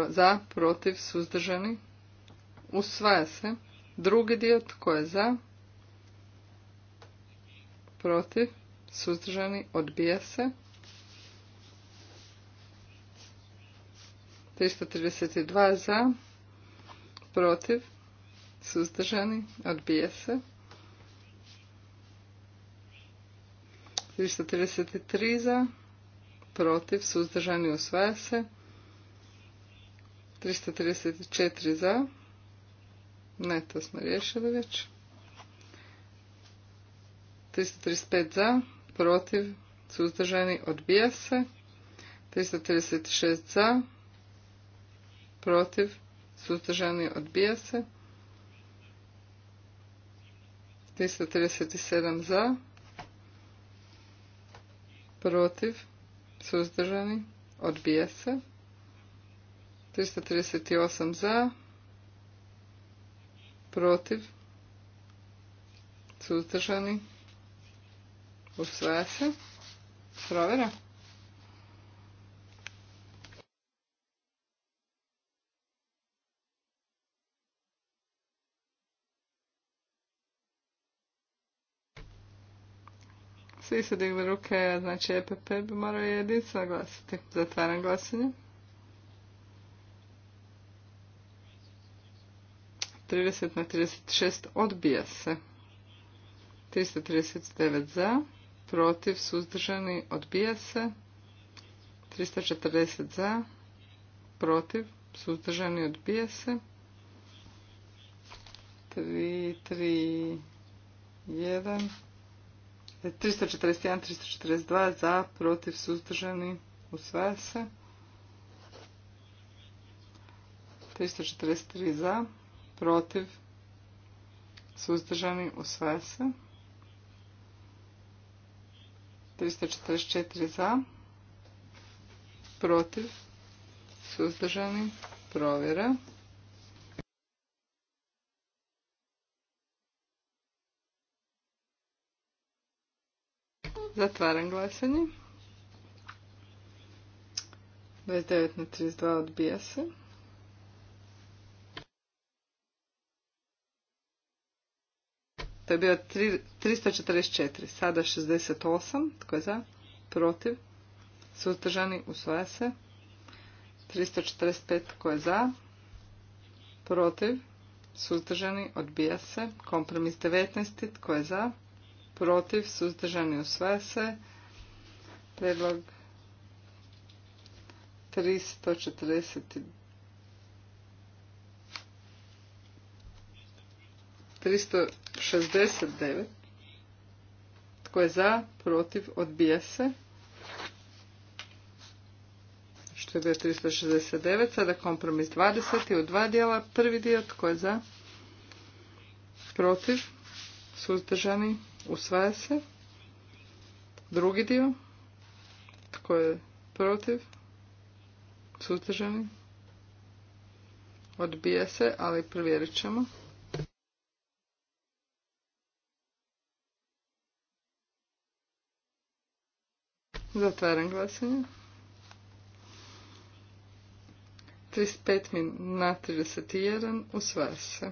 za, protiv, suzdržani. Usvaja se. Drugi dio, tko je za? Protiv, suzdržani, odbija se. 332 za, protiv, suzdržani, odbija se. 333 za, protiv, suzdržani, osvaja se. 334 za, ne, to smo rješili već. 335 za, protiv, suzdržani, odbija se. 336 za, protiv, suzdržani, odbija se. 337 za, protiv, suzdržani, odbija se. 338 za, protiv, suzdržani, usvaja se. Provera. Svi se digli ruke, znači EPP bi morao jedinstveno glasati. Zatvaram glasanje. 30 na 36 odbija se. 339 za, protiv, suzdržani, odbija se. 340 za, protiv, suzdržani, odbija se. 3, 3, 1, 341, 342 za, protiv, suzdržani, usvaja se. 343 za, protiv, suzdržani, usvaja se. 344 za, protiv, suzdržani, provjera. Zatvaram glasanje. 29 na 32 odbija se. To je bio 344, sada 68, tko je za, protiv, suzdržani, usvaja se. 345, tko je za, protiv, suzdržani, odbija se. Kompromis 19, tko je za, protiv protiv, suzdržani usvaja se. Predlog 340 369 tko je za, protiv, odbija se. Što je bio 369, sada kompromis 20 u dva dijela. Prvi dio, tko je za, protiv, suzdržani, Usvaja se. Drugi dio. Tko je protiv? Suzdržani? Odbija se, ali provjerit ćemo. Zatvaram glasanje. 35 min na 31 usvaja se.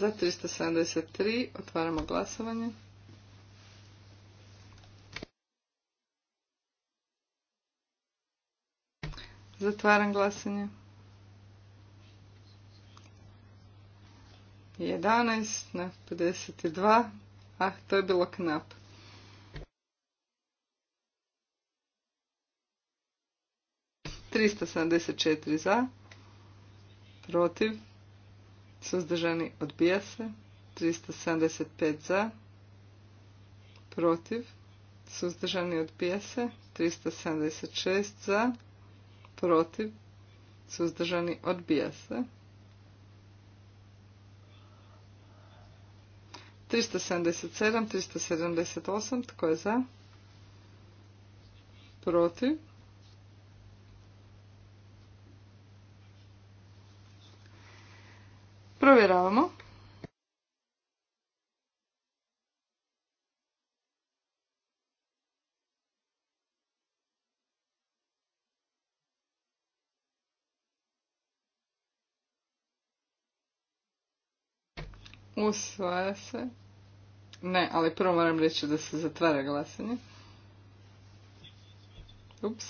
za 373. Otvaramo glasovanje. Zatvaram glasanje. 11 na 52. Ah, to je bilo knap. 374 sedamdeset četiri za, protiv, suzdržani odbija se, 375 za, protiv, suzdržani odbija se, 376 za, protiv, suzdržani odbija se. 377, 378, tko je za? Protiv, Provjeravamo. Usvaja se. Ne, ali prvo moram reći da se zatvara glasanje. Ups.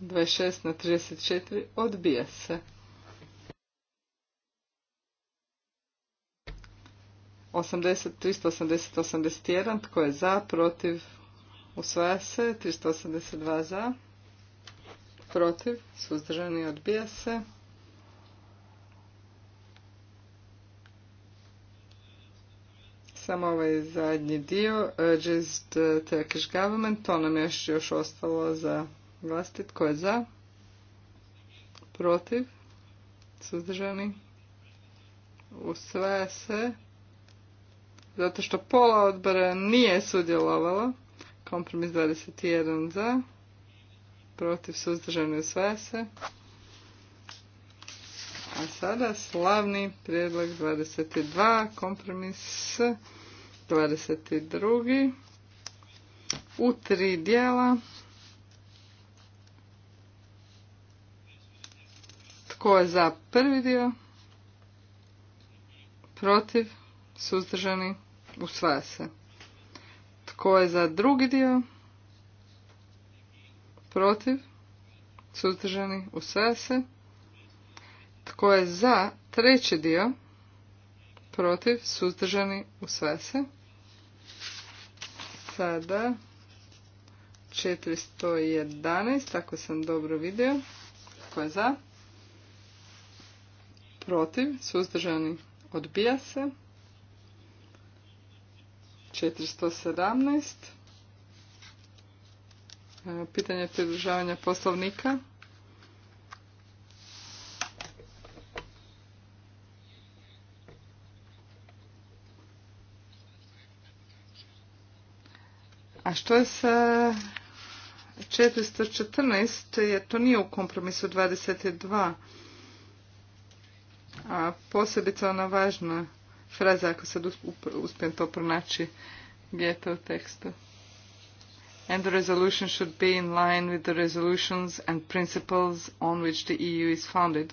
26 na 34 odbija se. 80, 380, 81. Tko je za? Protiv? Usvaja se. 382 za. Protiv? Suzdržani odbija se. Samo ovaj zadnji dio, Urges uh, the uh, Turkish Government, to nam je još, ostalo za glasiti. Tko je za? Protiv? Suzdržani? Usvaja se zato što pola odbora nije sudjelovalo. Kompromis 21 za, protiv suzdržani svese. se. A sada slavni prijedlog 22, kompromis 22 u tri dijela. Tko je za prvi dio? Protiv? Suzdržani? Usvaja se. Tko je za drugi dio? Protiv? Suzdržani? Usvaja se. Tko je za treći dio? Protiv? Suzdržani? Usvaja se. Sada 411, Tako sam dobro vidio. Tko je za? Protiv? Suzdržani? Odbija se. 417. E, pitanje pridržavanja poslovnika. A što je sa 414, jer to nije u kompromisu 22, a posebice ona važna fraza, ako sad uspijem to pronaći gdje je to u tekstu. And the resolution should be in line with the resolutions and principles on which the EU is founded.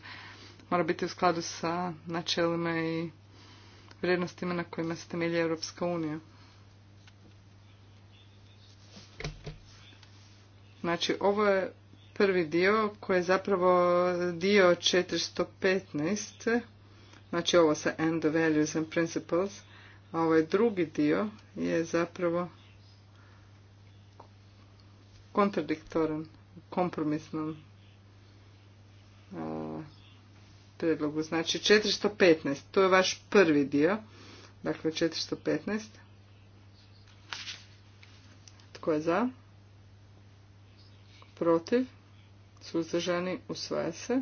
Mora biti u skladu sa načelima i vrijednostima na kojima se temelji Europska unija. Znači, ovo je prvi dio koji je zapravo dio 415 Znači ovo sa end the values and principles, a ovaj drugi dio je zapravo kontradiktoran, kompromisnom predlogu. Znači 415, to je vaš prvi dio, dakle 415. Tko je za? Protiv? Suzdržani? Usvaja se.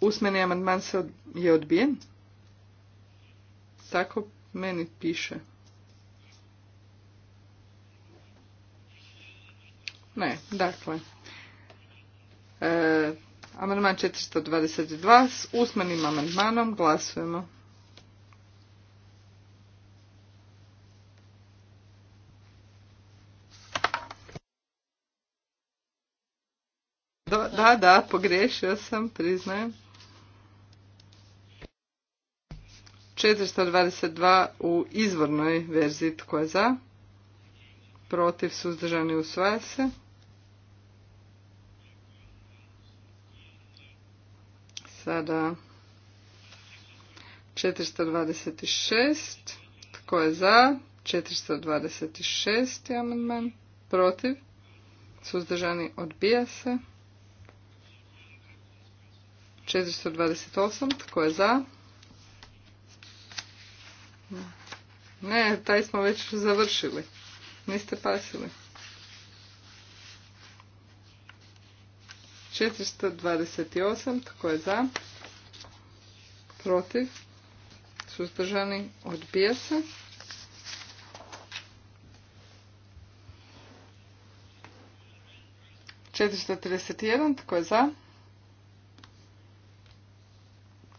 Usmeni amandman se je odbijen. Tako meni piše. Ne, dakle. E, amandman 422 s usmenim amandmanom glasujemo. Da, da, pogrešio sam, priznajem. 422 u izvornoj verziji tko je za, protiv suzdržani usvaja se. Sada 426. Tko je za? 426. amandman. Protiv? Suzdržani odbija se. 428. Tko je za? Ne, taj smo već završili. Niste pasili. 428. Tko je za? Protiv? Suzdržani? Odbija se. Četiristo trideset jedan, tko je za?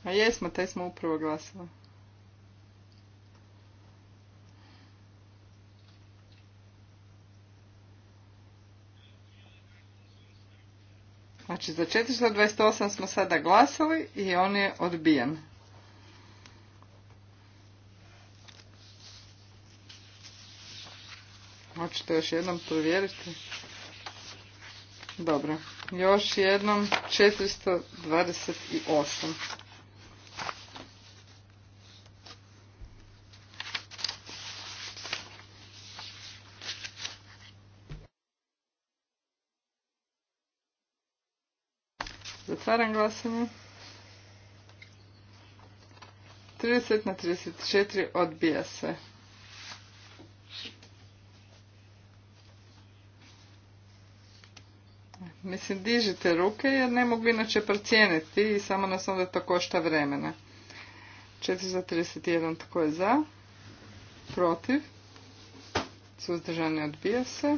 A jesmo, taj smo upravo glasili. Znači za 428 smo sada glasali i on je odbijen. Hoćete još jednom provjeriti? Dobro, još jednom 428. otvaram glasanje. 30 na 34 odbija se. Mislim, dižite ruke jer ne mogu inače procijeniti i samo nas onda to košta vremena. 4 za 31, tko je za? Protiv? Suzdržani odbija se.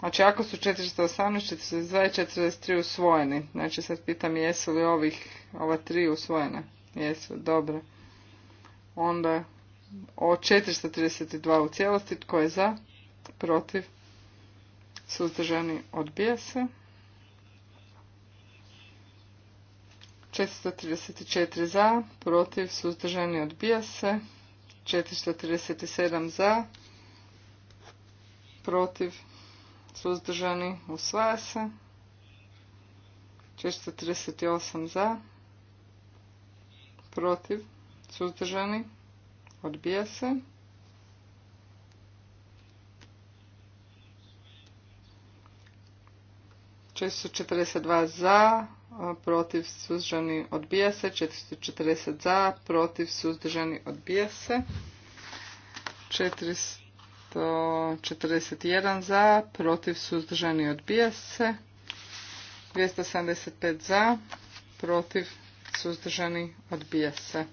Znači ako su 418, 42 i 43 usvojeni, znači sad pitam jesu li ovih, ova tri usvojena? Jesu, dobro. Onda o 432 u cijelosti, tko je za, protiv, suzdržani, odbija se. 434 za, protiv, suzdržani, odbija se. 437 za, protiv, suzdržani, usvaja se. 438 za, protiv, suzdržani, odbija se. 442 za, protiv, suzdržani, odbija se. 440 za, protiv, suzdržani, odbija se. 400 241 za, protiv suzdržani odbija se. 275 za, protiv suzdržani odbija se.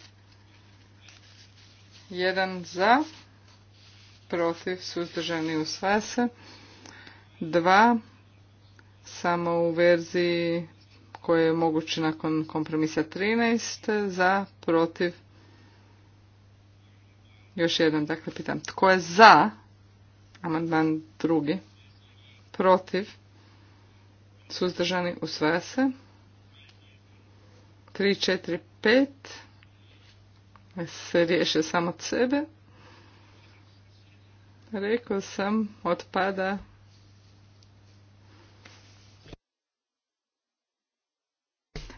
1 za, protiv suzdržani usvaja se. 2 samo u verziji koje je moguće nakon kompromisa 13 za, protiv još jedan, dakle, pitam, tko je za Amandman drugi. Protiv. Suzdržani usvaja se. 3, 4, 5 se riješe samo od sebe. Rekao sam, otpada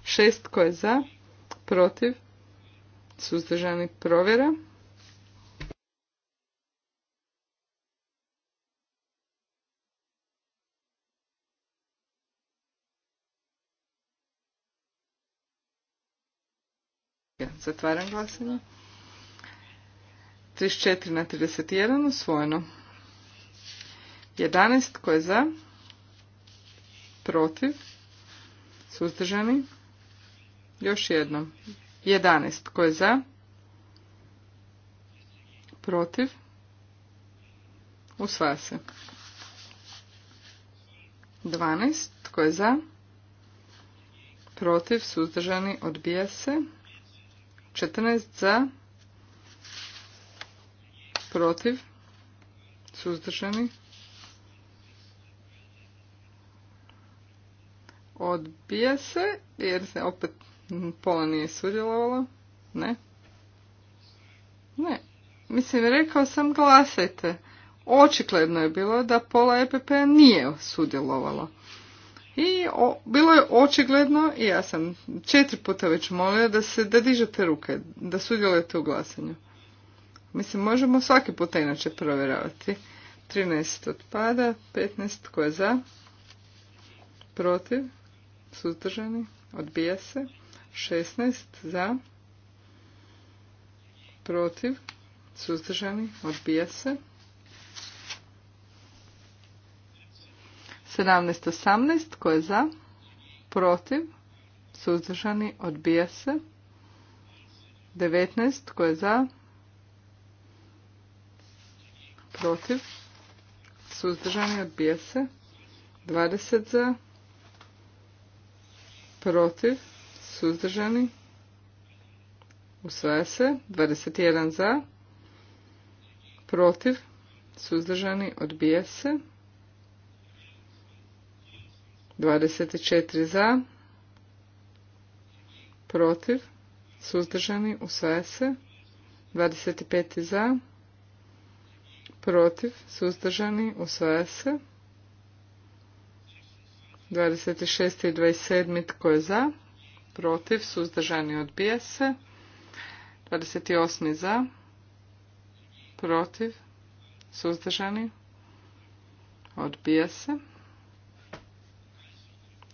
šest koje za, protiv, suzdržani provjera. Zatvaram glasanje. 34 na 31 usvojeno. 11 koje za? Protiv? Suzdržani? Još jednom. 11 koje za? Protiv? Usvaja se. 12 koje za? Protiv? Suzdržani? Odbija se. 14 za, protiv, suzdržani, odbija se, jer se opet pola nije sudjelovalo, ne, ne, mislim rekao sam glasajte, očigledno je bilo da pola EPP p-a nije sudjelovalo. I bilo je očigledno, i ja sam četiri puta već molila da se da dižete ruke, da sudjelujete u glasanju. Mislim, možemo svaki puta inače provjeravati. 13 odpada, 15 tko je za, protiv, suzdržani, odbija se, 16 za, protiv, suzdržani, odbija se, 17.18 18, tko je za? Protiv? Suzdržani? Odbija se. 19, tko je za? Protiv? Suzdržani? Odbija se. 20 za? Protiv? Suzdržani? Usvaja se. 21 za? Protiv? Suzdržani? Odbija se. 24 za, protiv, suzdržani, usvaja se. 25 za, protiv, suzdržani, usvaja se. 26. i 27. tko je za, protiv, suzdržani, odbija se. 28. za, protiv, suzdržani, odbija se.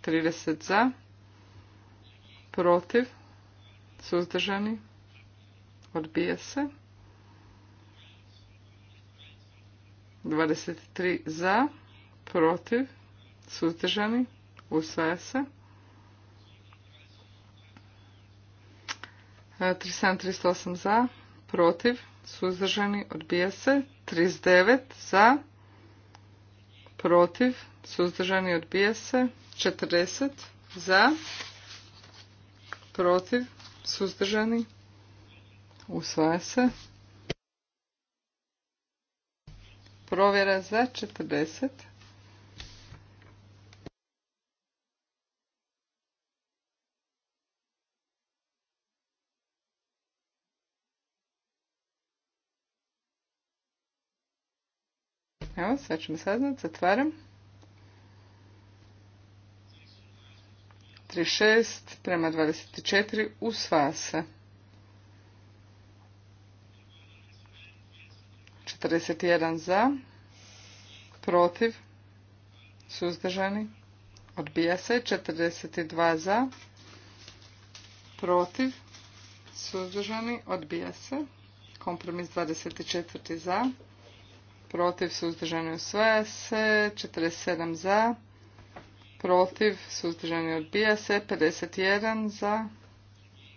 30 za, protiv, suzdržani, odbije se. 23 za, protiv, suzdržani, usvaja se. 308 za, protiv, suzdržani, odbija se. 39 za, protiv, suzdržani, odbija se. 40 za, protiv, suzdržani, usvaja se. Provjera za 40. Evo, sve ćemo saznat, zatvaram. 36 prema 24 usvaja se. 41 za, protiv, suzdržani, odbija se. 42 za, protiv, suzdržani, odbija se. Kompromis 24 za, protiv, suzdržani, usvaja se. 47 za, protiv, suzdržani odbija se, 51 za,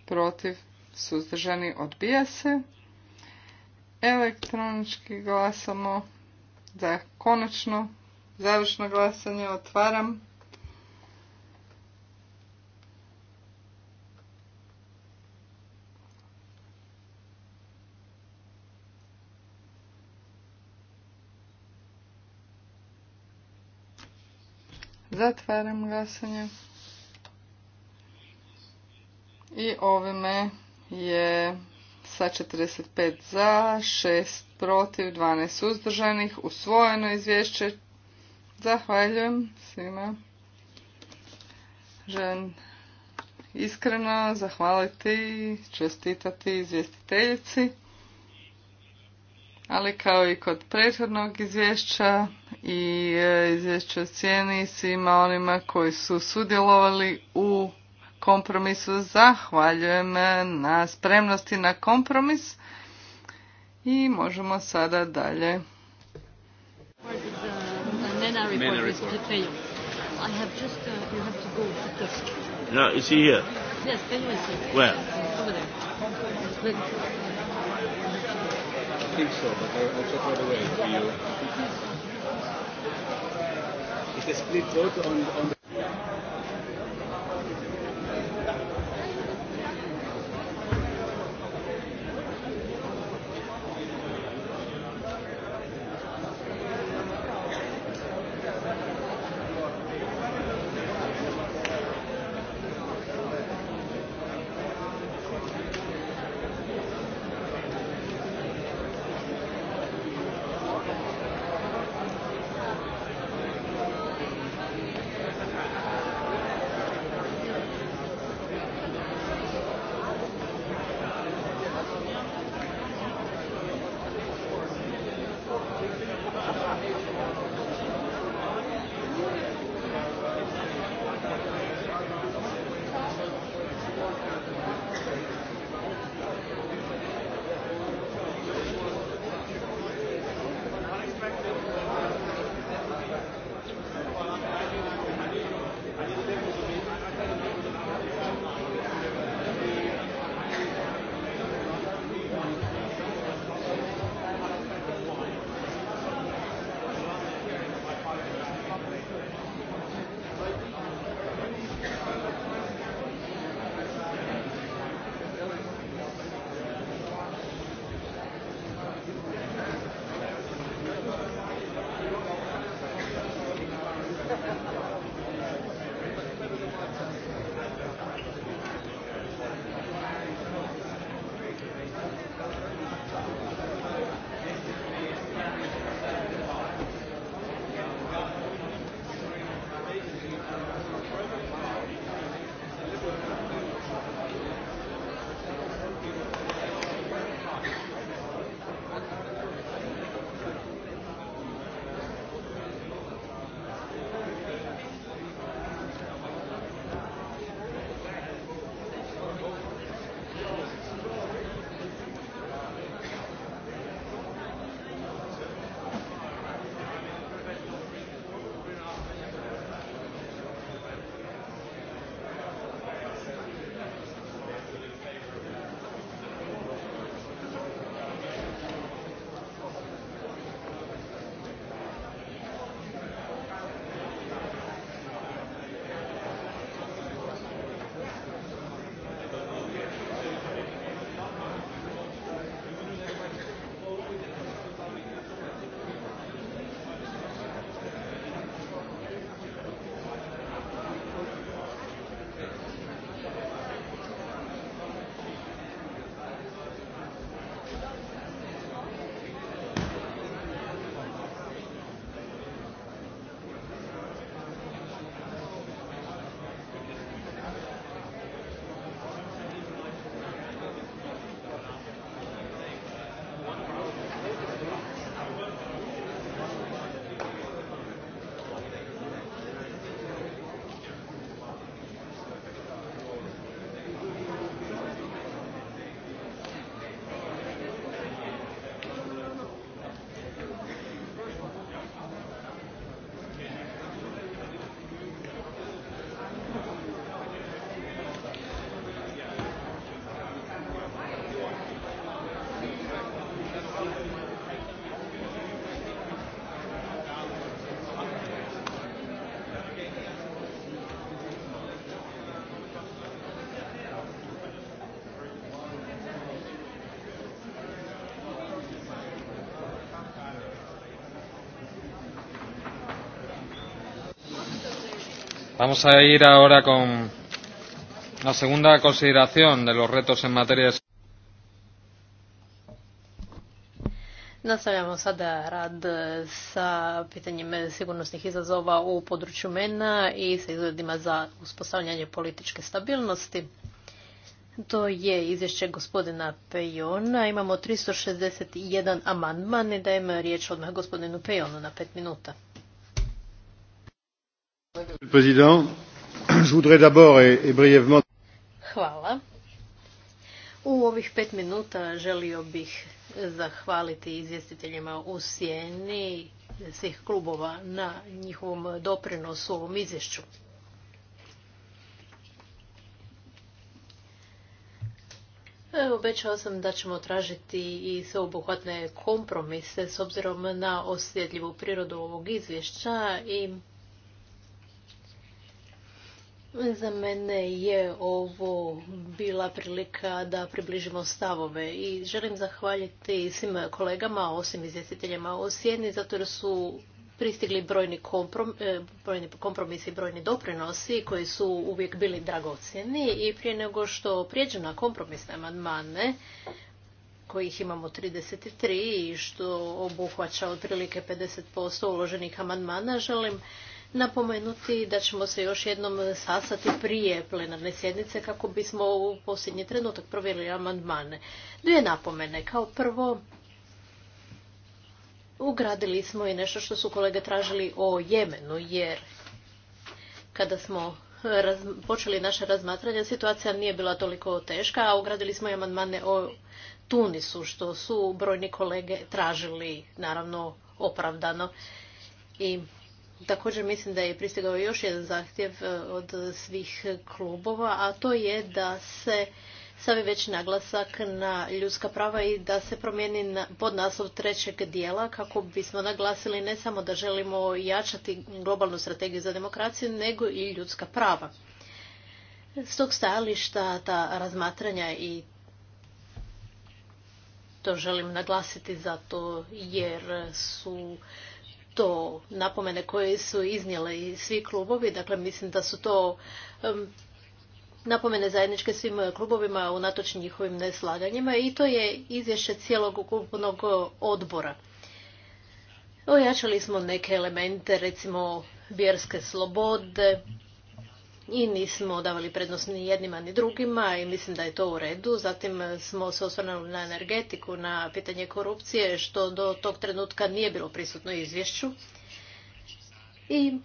protiv, suzdržani odbija se. Elektronički glasamo za konačno završno glasanje, otvaram. Zatvaram glasanje. I ovime je sa 45 za, 6 protiv, 12 uzdržanih. usvojeno izvješće. Zahvaljujem svima. Želim iskreno zahvaliti i čestitati izvjestiteljici. Ali kao i kod prethodnog izvješća, i e, izvješće o cijeni svima onima koji su sudjelovali u kompromisu. Zahvaljujem na spremnosti na kompromis i možemo sada dalje. you. Is the split vote on, on Vamos a ir ahora con la segunda consideración de los retos en materia Nastavljamo sada rad sa pitanjem sigurnosnih izazova u području MENA i sa izgledima za uspostavljanje političke stabilnosti. To je izvješće gospodina Pejona. Imamo 361 amandman i dajem riječ odmah gospodinu Pejonu na pet minuta. Hvala. U ovih pet minuta želio bih zahvaliti izvjestiteljima u sjeni svih klubova na njihovom doprinosu ovom izvješću. Obećao sam da ćemo tražiti i sveobuhvatne kompromise s obzirom na osjetljivu prirodu ovog izvješća i za mene je ovo bila prilika da približimo stavove i želim zahvaljiti svim kolegama, osim izvjestiteljima o zato jer su pristigli brojni, komprom, e, brojni kompromisi i brojni doprinosi koji su uvijek bili dragocjeni i prije nego što prijeđu na kompromisne amandmane, kojih imamo 33 i što obuhvaća otprilike 50% uloženih amandmana, želim napomenuti da ćemo se još jednom sasati prije plenarne sjednice kako bismo u posljednji trenutak provjerili amandmane. Dvije napomene. Kao prvo, ugradili smo i nešto što su kolege tražili o Jemenu, jer kada smo počeli naše razmatranje, situacija nije bila toliko teška, a ugradili smo i amandmane o Tunisu, što su brojni kolege tražili, naravno opravdano. I Također mislim da je pristigao još jedan zahtjev e, od svih klubova, a to je da se stavi već naglasak na ljudska prava i da se promijeni pod naslov trećeg dijela kako bismo naglasili ne samo da želimo jačati globalnu strategiju za demokraciju, nego i ljudska prava. S tog stajališta ta razmatranja i to želim naglasiti zato jer su to napomene koje su iznijeli i svi klubovi. Dakle, mislim da su to napomene zajedničke svim klubovima unatoč njihovim neslaganjima i to je izvješće cijelog ukupnog odbora. Ojačali smo neke elemente, recimo vjerske slobode, i nismo davali prednost ni jednima ni drugima i mislim da je to u redu. Zatim smo se osvrnuli na energetiku, na pitanje korupcije, što do tog trenutka nije bilo prisutno izvješću. I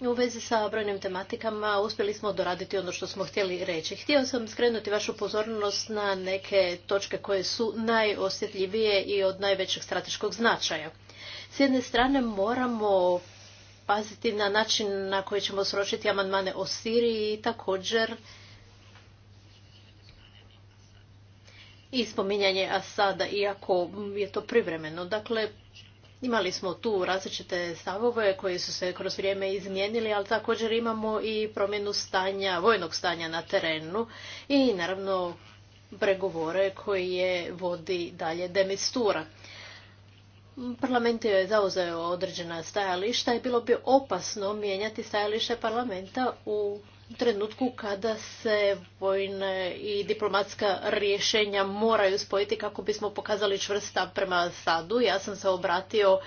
u vezi sa brojnim tematikama uspjeli smo doraditi ono što smo htjeli reći. Htio sam skrenuti vašu pozornost na neke točke koje su najosjetljivije i od najvećeg strateškog značaja. S jedne strane moramo paziti na način na koji ćemo sročiti amandmane o Siriji i također i spominjanje Asada, iako je to privremeno. Dakle, imali smo tu različite stavove koji su se kroz vrijeme izmijenili, ali također imamo i promjenu stanja, vojnog stanja na terenu i naravno pregovore koje vodi dalje demistura. Parlament je zauzeo određena stajališta i bilo bi opasno mijenjati stajalište parlamenta u trenutku kada se vojne i diplomatska rješenja moraju spojiti kako bismo pokazali čvrsta prema Sadu. Ja sam se obratio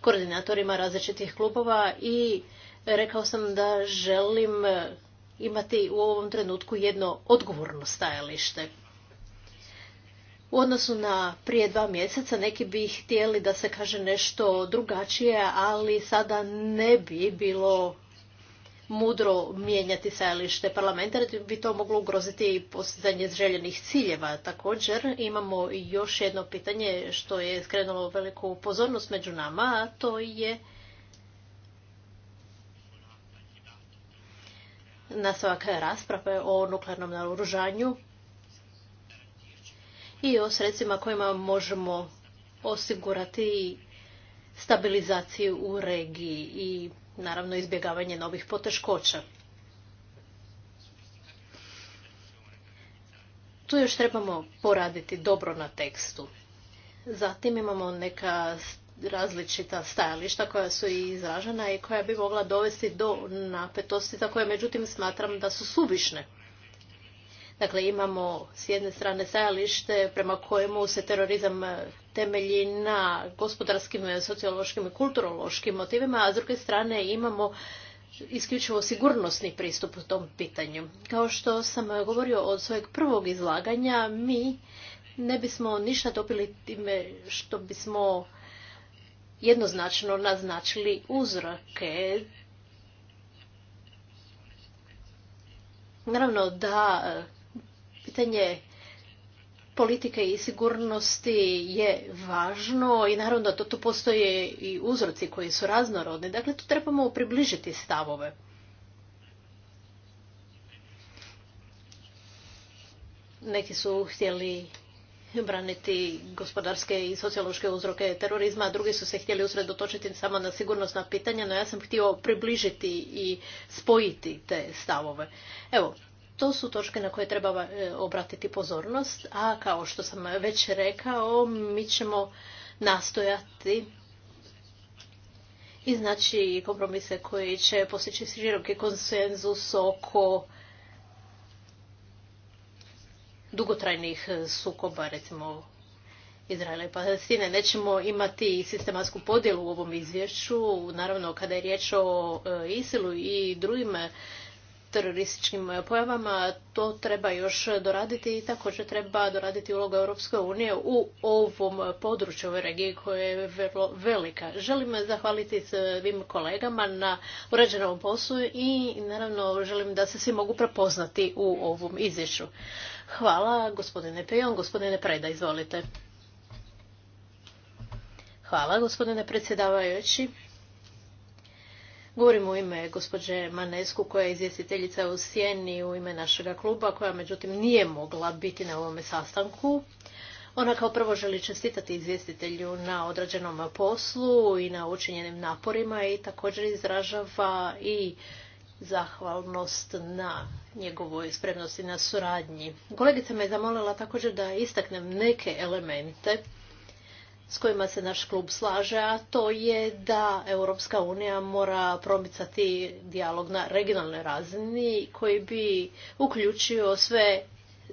koordinatorima različitih klubova i rekao sam da želim imati u ovom trenutku jedno odgovorno stajalište. U odnosu na prije dva mjeseca neki bi htjeli da se kaže nešto drugačije, ali sada ne bi bilo mudro mijenjati stajalište parlamenta, jer bi to moglo ugroziti i postizanje željenih ciljeva. Također imamo još jedno pitanje što je skrenulo veliku pozornost među nama, a to je nastavak rasprave o nuklearnom naoružanju i o sredstvima kojima možemo osigurati stabilizaciju u regiji i naravno izbjegavanje novih poteškoća. Tu još trebamo poraditi dobro na tekstu. Zatim imamo neka različita stajališta koja su i izražena i koja bi mogla dovesti do napetosti za koje međutim smatram da su suvišne. Dakle, imamo s jedne strane stajalište prema kojemu se terorizam eh, temelji na gospodarskim, eh, sociološkim i kulturološkim motivima, a s druge strane imamo isključivo sigurnosni pristup u tom pitanju. Kao što sam eh, govorio od svojeg prvog izlaganja, mi ne bismo ništa dobili time što bismo jednoznačno naznačili uzroke. Naravno da pitanje politike i sigurnosti je važno i naravno da tu postoje i uzroci koji su raznorodni. Dakle, tu trebamo približiti stavove. Neki su htjeli braniti gospodarske i sociološke uzroke terorizma, a drugi su se htjeli usredotočiti samo na sigurnosna pitanja, no ja sam htio približiti i spojiti te stavove. Evo, to su točke na koje treba e, obratiti pozornost, a kao što sam već rekao, mi ćemo nastojati i znači kompromise koji će postići široki konsenzus oko dugotrajnih sukoba, recimo Izraela i Palestine. Nećemo imati sistematsku podjelu u ovom izvješću. Naravno, kada je riječ o e, Isilu i drugim terorističkim pojavama, to treba još doraditi i također treba doraditi uloga Europske unije u ovom području ove regije koja je vrlo velika. Želim zahvaliti svim kolegama na uređenom poslu i naravno želim da se svi mogu prepoznati u ovom izvješću. Hvala gospodine Pejon, gospodine Preda, izvolite. Hvala gospodine predsjedavajući. Govorim u ime gospođe Manesku koja je izvjestiteljica u Sjeni u ime našega kluba koja međutim nije mogla biti na ovome sastanku. Ona kao prvo želi čestitati izvjestitelju na odrađenom poslu i na učinjenim naporima i također izražava i zahvalnost na njegovoj spremnosti na suradnji. Kolegica me je zamolila također da istaknem neke elemente s kojima se naš klub slaže, a to je da Europska unija mora promicati dijalog na regionalnoj razini koji bi uključio sve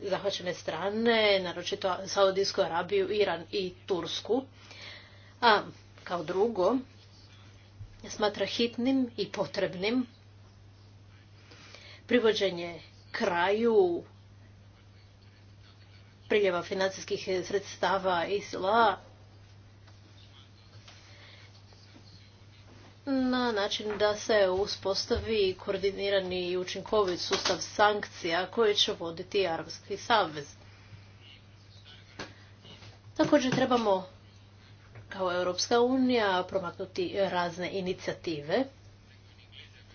zahvaćene strane, naročito Saudijsku Arabiju, Iran i Tursku. A kao drugo, smatra hitnim i potrebnim privođenje kraju priljeva financijskih sredstava i na način da se uspostavi koordinirani i učinkovit sustav sankcija koji će voditi Arabski savez. Također trebamo kao Europska unija promaknuti razne inicijative.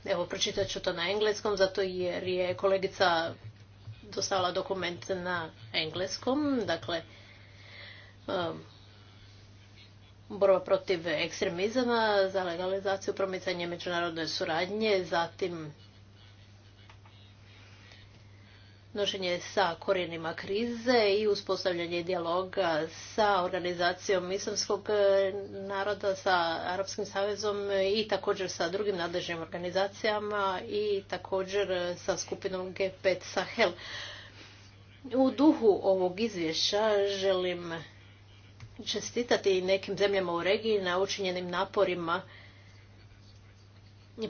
Evo, pročitat ću to na engleskom, zato jer je kolegica dostavila dokument na engleskom. Dakle, um, borba protiv ekstremizama, za legalizaciju, promicanje međunarodne suradnje, zatim nošenje sa korijenima krize i uspostavljanje dijaloga sa organizacijom islamskog naroda, sa Arabskim savezom i također sa drugim nadležnim organizacijama i također sa skupinom G5 Sahel. U duhu ovog izvješća želim čestitati nekim zemljama u regiji na učinjenim naporima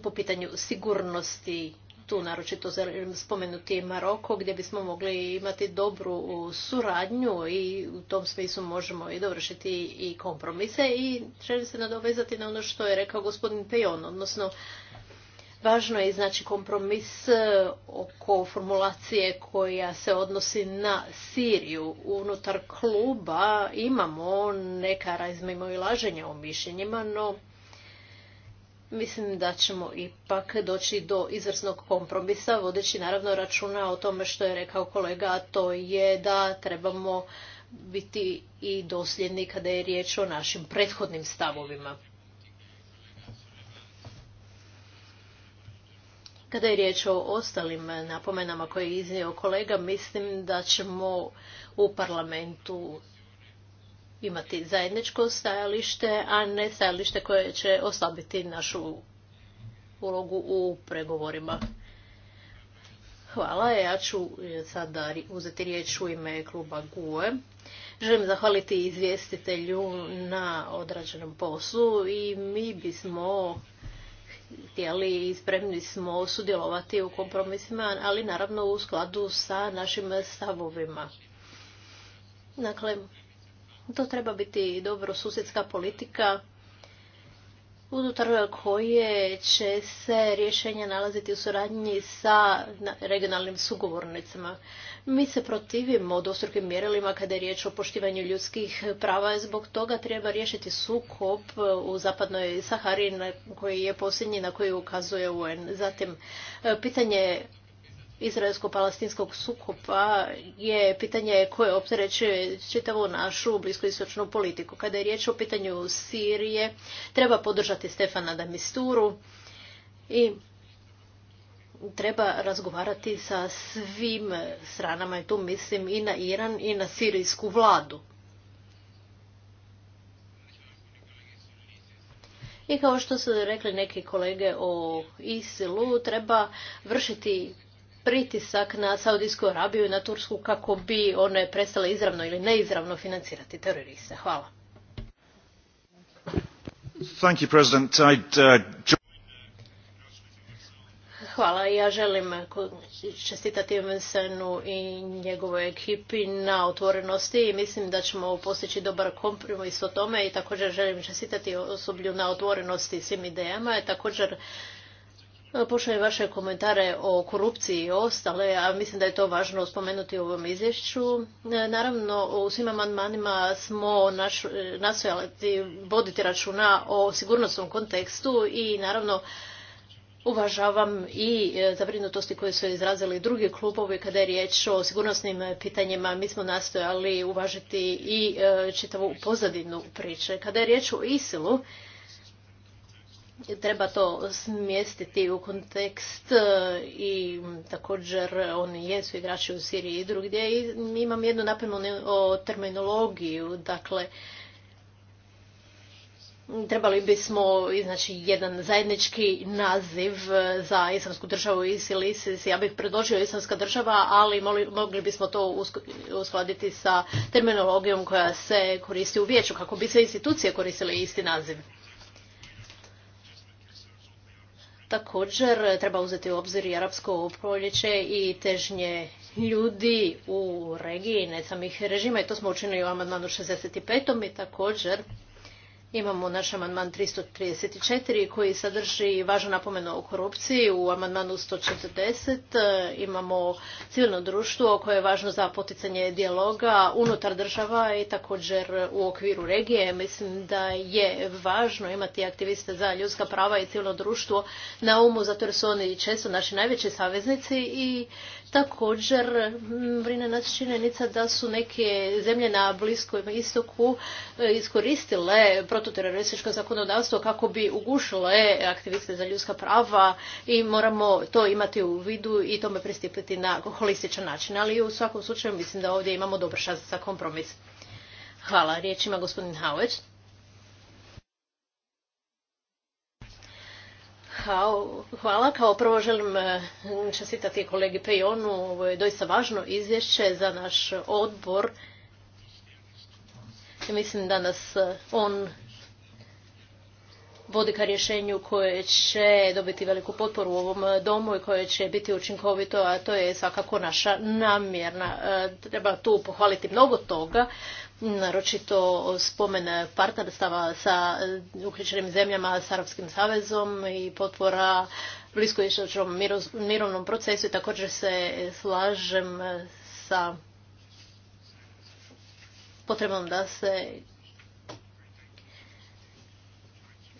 po pitanju sigurnosti tu naročito za spomenuti Maroko gdje bismo mogli imati dobru suradnju i u tom smislu možemo i dovršiti i kompromise i želim se nadovezati na ono što je rekao gospodin Pejon, odnosno Važno je znači kompromis e, oko formulacije koja se odnosi na Siriju. Unutar kluba imamo neka razmimo i laženja o mišljenjima, no mislim da ćemo ipak doći do izvrsnog kompromisa, vodeći naravno računa o tome što je rekao kolega, a to je da trebamo biti i dosljedni kada je riječ o našim prethodnim stavovima. Kada je riječ o ostalim napomenama koje je iznio kolega, mislim da ćemo u parlamentu imati zajedničko stajalište, a ne stajalište koje će oslabiti našu ulogu u pregovorima. Hvala, ja ću sada uzeti riječ u ime kluba GUE. Želim zahvaliti izvjestitelju na odrađenom poslu i mi bismo htjeli i spremni smo sudjelovati u kompromisima, ali naravno u skladu sa našim stavovima. Dakle, to treba biti dobro susjedska politika unutar koje će se rješenje nalaziti u suradnji sa regionalnim sugovornicama. Mi se protivimo dostrukim mjerilima kada je riječ o poštivanju ljudskih prava i zbog toga treba riješiti sukob u zapadnoj Sahari koji je posljednji na koji ukazuje UN. Zatim, e, pitanje izraelsko-palestinskog sukoba je pitanje koje opterećuje čitavu našu bliskoistočnu politiku. Kada je riječ o pitanju Sirije, treba podržati Stefana Damisturu i treba razgovarati sa svim stranama i tu mislim i na Iran i na sirijsku vladu. I kao što su rekli neki kolege o Isilu, treba vršiti pritisak na Saudijsku Arabiju i na Tursku kako bi one prestale izravno ili neizravno financirati teroriste. Hvala. Thank you, President. I'd, uh... Hvala. Ja želim čestitati Vincenu i njegovoj ekipi na otvorenosti i mislim da ćemo postići dobar kompromis o tome i također želim čestitati osoblju na otvorenosti svim idejama i također E, je vaše komentare o korupciji i ostale, a mislim da je to važno spomenuti u ovom izvješću. E, naravno, u svim amandmanima smo nastojali voditi računa o sigurnosnom kontekstu i naravno uvažavam i e, zabrinutosti koje su izrazili drugi klubovi kada je riječ o sigurnosnim pitanjima. Mi smo nastojali uvažiti i čitavu pozadinu priče. Kada je riječ o Isilu, treba to smjestiti u kontekst e, i također oni jesu igrači u Siriji i drugdje i imam jednu napinu o terminologiju, dakle trebali bismo iznaći jedan zajednički naziv za islamsku državu i Silisis. Ja bih predložio islamska država, ali mogli bismo to uskladiti sa terminologijom koja se koristi u vijeću kako bi se institucije koristile isti naziv. Također treba uzeti u obzir i arapsko proljeće i težnje ljudi u regiji, ne samih režima i to smo učinili u amandmanu 65. i također Imamo naš amandman 334 koji sadrži važnu napomenu o korupciji. U amandmanu 140 e, imamo civilno društvo koje je važno za poticanje dijaloga unutar država i također u okviru regije. Mislim da je važno imati aktiviste za ljudska prava i civilno društvo na umu zato jer su oni često naši najveći saveznici i Također, mm, brine nas činjenica da su neke zemlje na Bliskom istoku e, iskoristile prototerorističko zakonodavstvo kako bi ugušile aktiviste za ljudska prava i moramo to imati u vidu i tome pristupiti na holističan način. Ali u svakom slučaju mislim da ovdje imamo dobar šans za kompromis. Hvala. Riječ ima gospodin Haueć. hvala. Kao prvo želim e, čestitati kolegi Pejonu. Ovo je doista važno izvješće za naš odbor. Mislim da nas e, on vodi ka rješenju koje će dobiti veliku potporu u ovom domu i koje će biti učinkovito, a to je svakako naša namjerna. E, treba tu pohvaliti mnogo toga naročito spomen partnerstava sa eh, uključenim zemljama, s Arabskim savezom i potpora bliskoistočnom mirovnom procesu i također se slažem eh, sa potrebom da se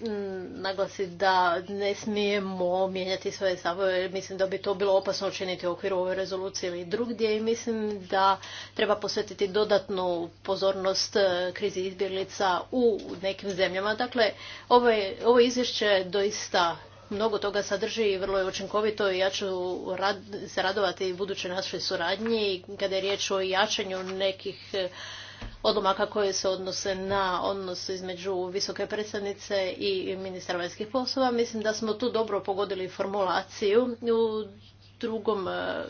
Mm, naglasiti da ne smijemo mijenjati svoje stavove jer mislim da bi to bilo opasno učiniti u okviru ove rezolucije ili drugdje i mislim da treba posvetiti dodatnu pozornost e, krizi izbjeglica u nekim zemljama. Dakle, ovo, je, ovo izvješće doista mnogo toga sadrži i vrlo je učinkovito i ja ću se radovati budućoj našoj suradnji kada je riječ o jačanju nekih e, odlomaka koje se odnose na odnos između visoke predstavnice i ministra vanjskih poslova. Mislim da smo tu dobro pogodili formulaciju. U drugom e,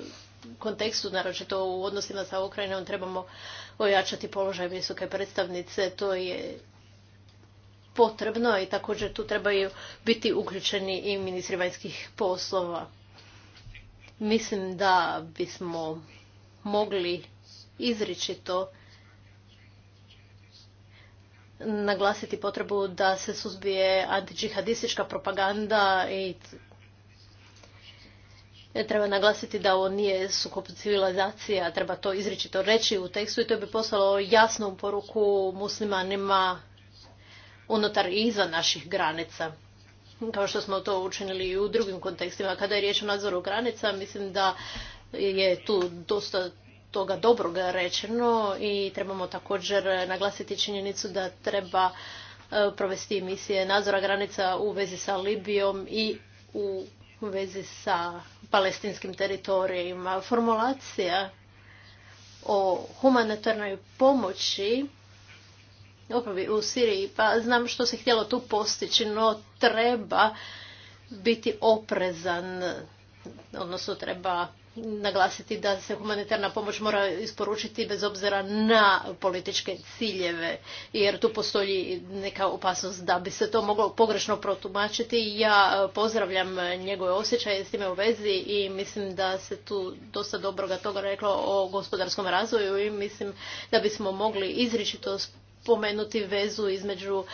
kontekstu, naročito u odnosima sa Ukrajinom, trebamo ojačati položaj visoke predstavnice. To je potrebno i također tu trebaju biti uključeni i ministri vanjskih poslova. Mislim da bismo mogli izričito naglasiti potrebu da se suzbije antidžihadistička propaganda i treba naglasiti da ovo nije sukup civilizacija, treba to izričito reći u tekstu i to bi poslalo jasnu poruku muslimanima unutar i izvan naših granica kao što smo to učinili i u drugim kontekstima. Kada je riječ o nadzoru granica, mislim da je tu dosta toga dobroga rečeno i trebamo također naglasiti činjenicu da treba e, provesti misije nadzora granica u vezi sa Libijom i u vezi sa palestinskim teritorijima. Formulacija o humanitarnoj pomoći opravi u Siriji, pa znam što se htjelo tu postići, no treba biti oprezan, odnosno treba naglasiti da se humanitarna pomoć mora isporučiti bez obzira na političke ciljeve, jer tu postoji neka opasnost da bi se to moglo pogrešno protumačiti. Ja pozdravljam njegove osjećaje s time u vezi i mislim da se tu dosta dobroga toga reklo o gospodarskom razvoju i mislim da bismo mogli izričito spomenuti vezu između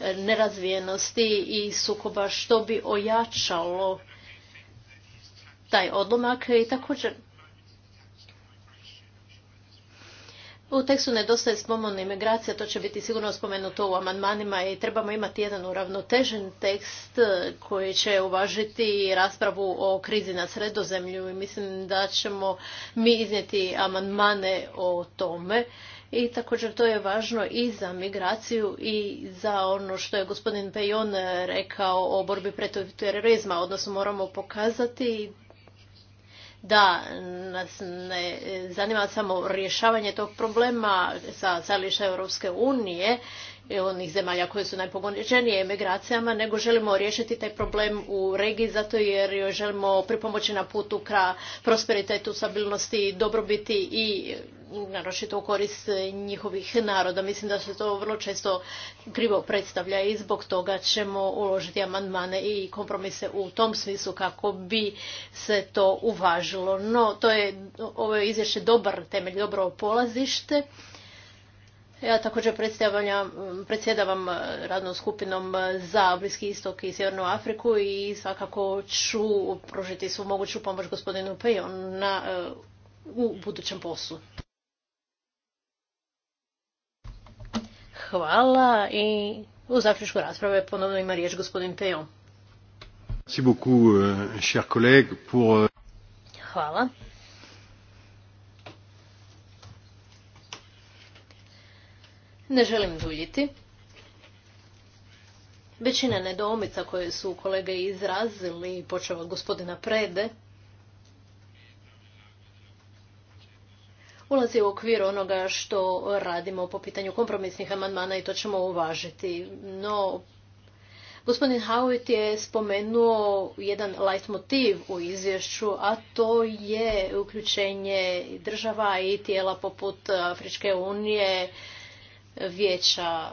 e, nerazvijenosti i sukoba što bi ojačalo taj odlomak i također U tekstu nedostaje spomenu imigracija, to će biti sigurno spomenuto u amandmanima i trebamo imati jedan uravnotežen tekst e, koji će uvažiti raspravu o krizi na sredozemlju i mislim da ćemo mi iznijeti amandmane o tome i također to je važno i za migraciju i za ono što je gospodin Pejon rekao o borbi protiv terorizma, odnosno moramo pokazati da nas ne zanima samo rješavanje tog problema sa stajališta Europske unije, onih zemalja koje su je emigracijama, nego želimo riješiti taj problem u regiji zato jer joj želimo pripomoći na putu ka prosperitetu, stabilnosti, dobrobiti i naročito u korist njihovih naroda. Mislim da se to vrlo često krivo predstavlja i zbog toga ćemo uložiti amandmane i kompromise u tom smislu kako bi se to uvažilo. No, to je, ovo je izvješće dobar temelj, dobro polazište ja također predsjedavam eh, radnom skupinom eh, za Bliski istok i Sjevernu Afriku i svakako ću pružiti svu moguću pomoć gospodinu Pejon na, eh, u budućem poslu. Hvala i u zaključku rasprave ponovno ima riječ gospodin Pejon. Hvala. Ne želim duljiti. Većina nedoumica koje su kolege izrazili, počeo od gospodina Prede, ulazi u okvir onoga što radimo po pitanju kompromisnih amandmana i to ćemo uvažiti. No, gospodin Howitt je spomenuo jedan light motiv u izvješću, a to je uključenje država i tijela poput Afričke unije, vijeća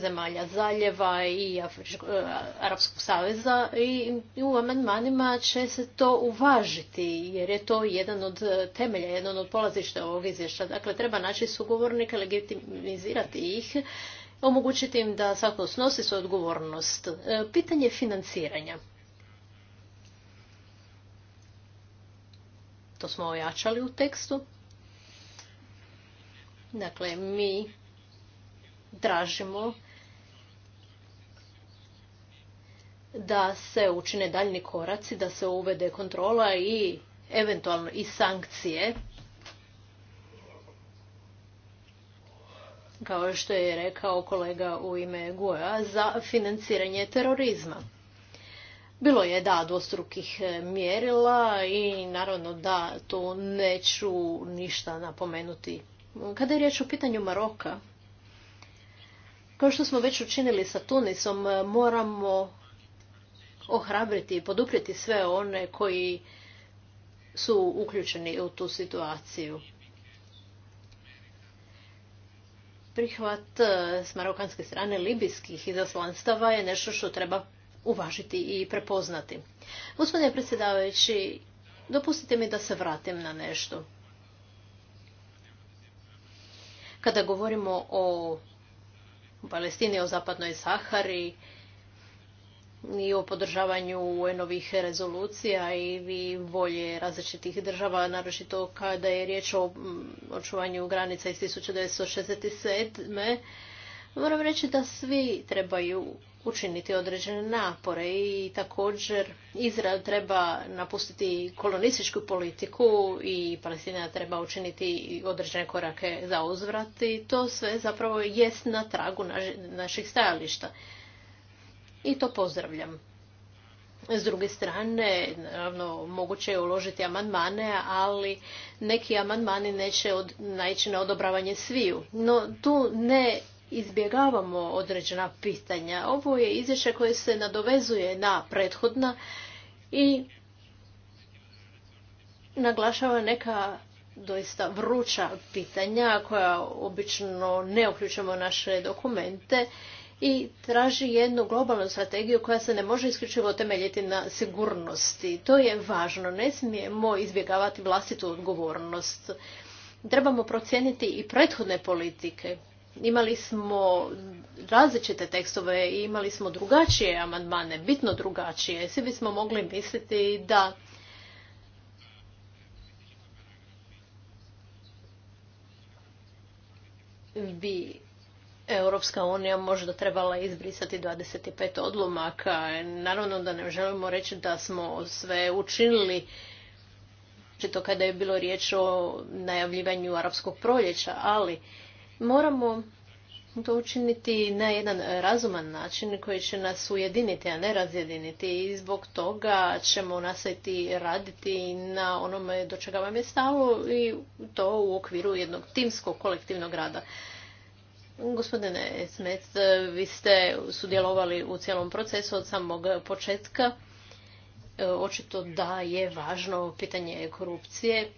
zemalja Zaljeva i Afričko, e, Arapskog saveza i u amandmanima će se to uvažiti jer je to jedan od temelja, jedan od polazišta ovog izvješća. Dakle, treba naći sugovornike, legitimizirati ih, omogućiti im da svako snosi svoju odgovornost. E, pitanje financiranja. To smo ojačali u tekstu. Dakle, mi tražimo da se učine daljni koraci, da se uvede kontrola i eventualno i sankcije. Kao što je rekao kolega u ime Goja, za financiranje terorizma. Bilo je da dvostrukih e, mjerila i naravno da to neću ništa napomenuti. Kada je riječ o pitanju Maroka, kao što smo već učinili sa Tunisom, e, moramo ohrabriti i poduprijeti sve one koji su uključeni u tu situaciju. Prihvat e, s marokanske strane libijskih izaslanstava je nešto što treba uvažiti i prepoznati. Gospodine predsjedavajući, dopustite mi da se vratim na nešto. Kada govorimo o u Palestini, o zapadnoj Sahari i o podržavanju UN-ovih rezolucija i volje različitih država, naročito kada je riječ o mm, očuvanju granica iz 1967. Moram reći da svi trebaju učiniti određene napore i također Izrael treba napustiti kolonističku politiku i Palestina treba učiniti određene korake za uzvrat i to sve zapravo jest na tragu naših stajališta. I to pozdravljam. S druge strane, naravno, moguće je uložiti amandmane, ali neki amandmani neće od, naići na odobravanje sviju. No, tu ne izbjegavamo određena pitanja. Ovo je izvješće koje se nadovezuje na prethodna i naglašava neka doista vruća pitanja koja obično ne uključujemo naše dokumente i traži jednu globalnu strategiju koja se ne može isključivo temeljiti na sigurnosti. To je važno, ne smijemo izbjegavati vlastitu odgovornost. Trebamo procijeniti i prethodne politike imali smo različite tekstove i imali smo drugačije amandmane, bitno drugačije. Svi bismo mogli misliti da bi Europska unija možda trebala izbrisati 25 odlomaka. Naravno da ne želimo reći da smo sve učinili to kada je bilo riječ o najavljivanju arapskog proljeća, ali moramo to učiniti na jedan razuman način koji će nas ujediniti, a ne razjediniti. I zbog toga ćemo nastaviti raditi na onome do čega vam je stalo i to u okviru jednog timskog kolektivnog rada. Gospodine Smet, vi ste sudjelovali u cijelom procesu od samog početka. E, očito da je važno pitanje korupcije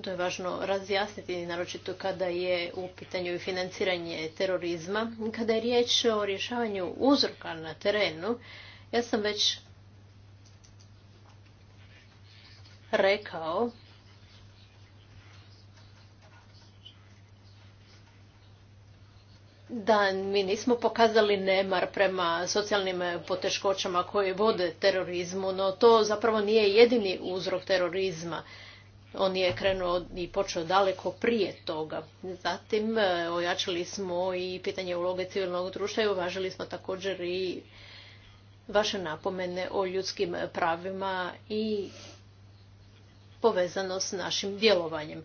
To je važno razjasniti, naročito kada je u pitanju i financiranje terorizma. Kada je riječ o rješavanju uzroka na terenu, ja sam već rekao da mi nismo pokazali nemar prema socijalnim poteškoćama koje vode terorizmu, no to zapravo nije jedini uzrok terorizma on je krenuo i počeo daleko prije toga. Zatim e, ojačali smo i pitanje uloge civilnog društva i uvažili smo također i vaše napomene o ljudskim pravima i povezano s našim djelovanjem.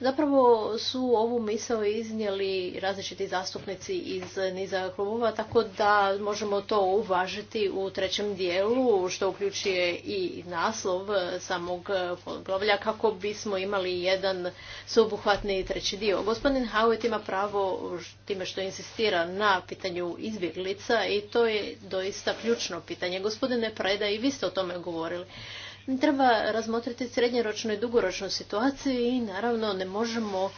Zapravo su ovu misao iznijeli različiti zastupnici iz niza klubova, tako da možemo to uvažiti u trećem dijelu, što uključuje i naslov samog poglavlja, kako bismo imali jedan subuhvatni treći dio. Gospodin Howitt ima pravo time što insistira na pitanju izbjeglica i to je doista ključno pitanje. Gospodine Preda, i vi ste o tome govorili. Treba razmotriti srednjeročnu i dugoročnu situaciju i naravno ne možemo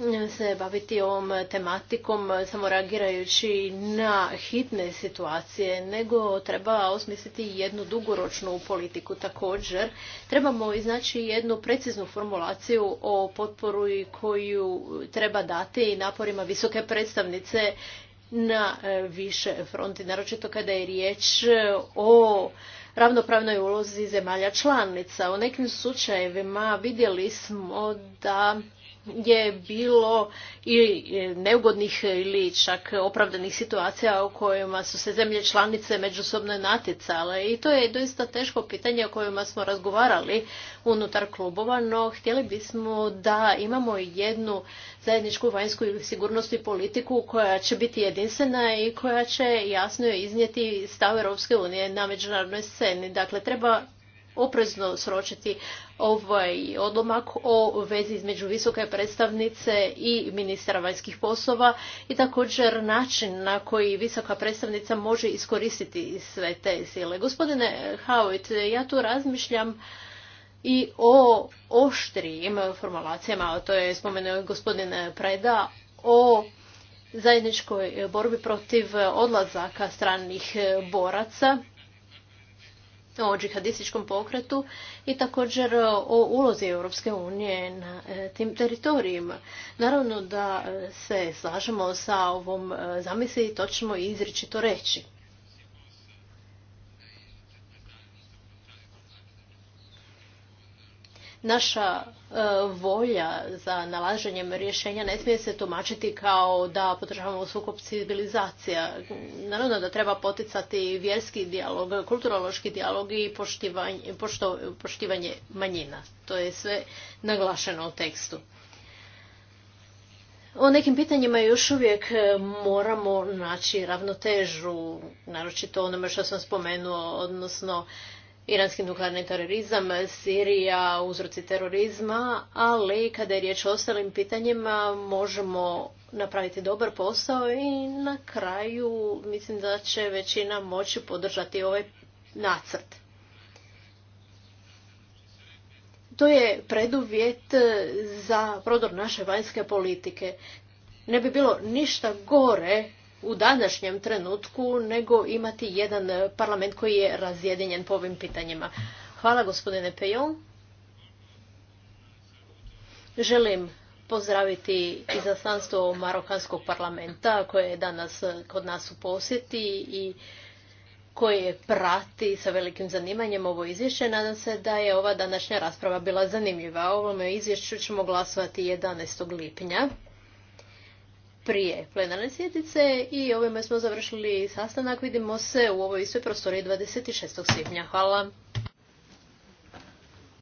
eh, se baviti ovom tematikom samo reagirajući na hitne situacije, nego treba osmisliti jednu dugoročnu politiku također. Trebamo iznaći jednu preciznu formulaciju o potporu koju treba dati i naporima visoke predstavnice na eh, više fronti, naročito kada je riječ o ravnopravnoj ulozi zemalja članica. U nekim slučajevima vidjeli smo da je bilo i e, neugodnih ili čak opravdanih situacija u kojima su se zemlje članice međusobno natjecale i to je doista teško pitanje o kojima smo razgovarali unutar klubova, no htjeli bismo da imamo jednu zajedničku vanjsku i politiku koja će biti jedinstvena i koja će jasno iznijeti stav Europske unije na međunarodnoj sceni. Dakle, treba oprezno sročiti ovaj odlomak o vezi između visoke predstavnice i ministra vanjskih poslova i također način na koji visoka predstavnica može iskoristiti sve te sile. Gospodine Howitt, ja tu razmišljam i o oštrijim formulacijama, to je spomenuo gospodin Preda, o zajedničkoj borbi protiv odlazaka stranih boraca o džihadističkom pokretu i također o ulozi Europske unije na e, tim teritorijima. Naravno da e, se slažemo sa ovom e, zamisli i to ćemo izričito reći. Naša e, volja za nalaženjem rješenja ne smije se tumačiti kao da podržavamo sukob civilizacija. Naravno da treba poticati vjerski dijalog, kulturološki dijalog i poštivanje, poštivanje manjina. To je sve naglašeno u tekstu. O nekim pitanjima još uvijek e, moramo naći ravnotežu, naročito onome što sam spomenuo, odnosno iranski nuklearni terorizam, Sirija, uzroci terorizma, ali kada je riječ o ostalim pitanjima možemo napraviti dobar posao i na kraju mislim da će većina moći podržati ovaj nacrt. To je preduvjet za prodor naše vanjske politike. Ne bi bilo ništa gore u današnjem trenutku nego imati jedan parlament koji je razjedinjen po ovim pitanjima. Hvala gospodine Pejon. Želim pozdraviti izaslanstvo Marokanskog parlamenta koje je danas kod nas u posjeti i koje prati sa velikim zanimanjem ovo izvješće. Nadam se da je ova današnja rasprava bila zanimljiva. O ovome izvješću ćemo glasovati 11. lipnja prije plenarne sjednice i ovime smo završili sastanak. Vidimo se u ovoj istoj prostoriji 26. svibnja. Hvala.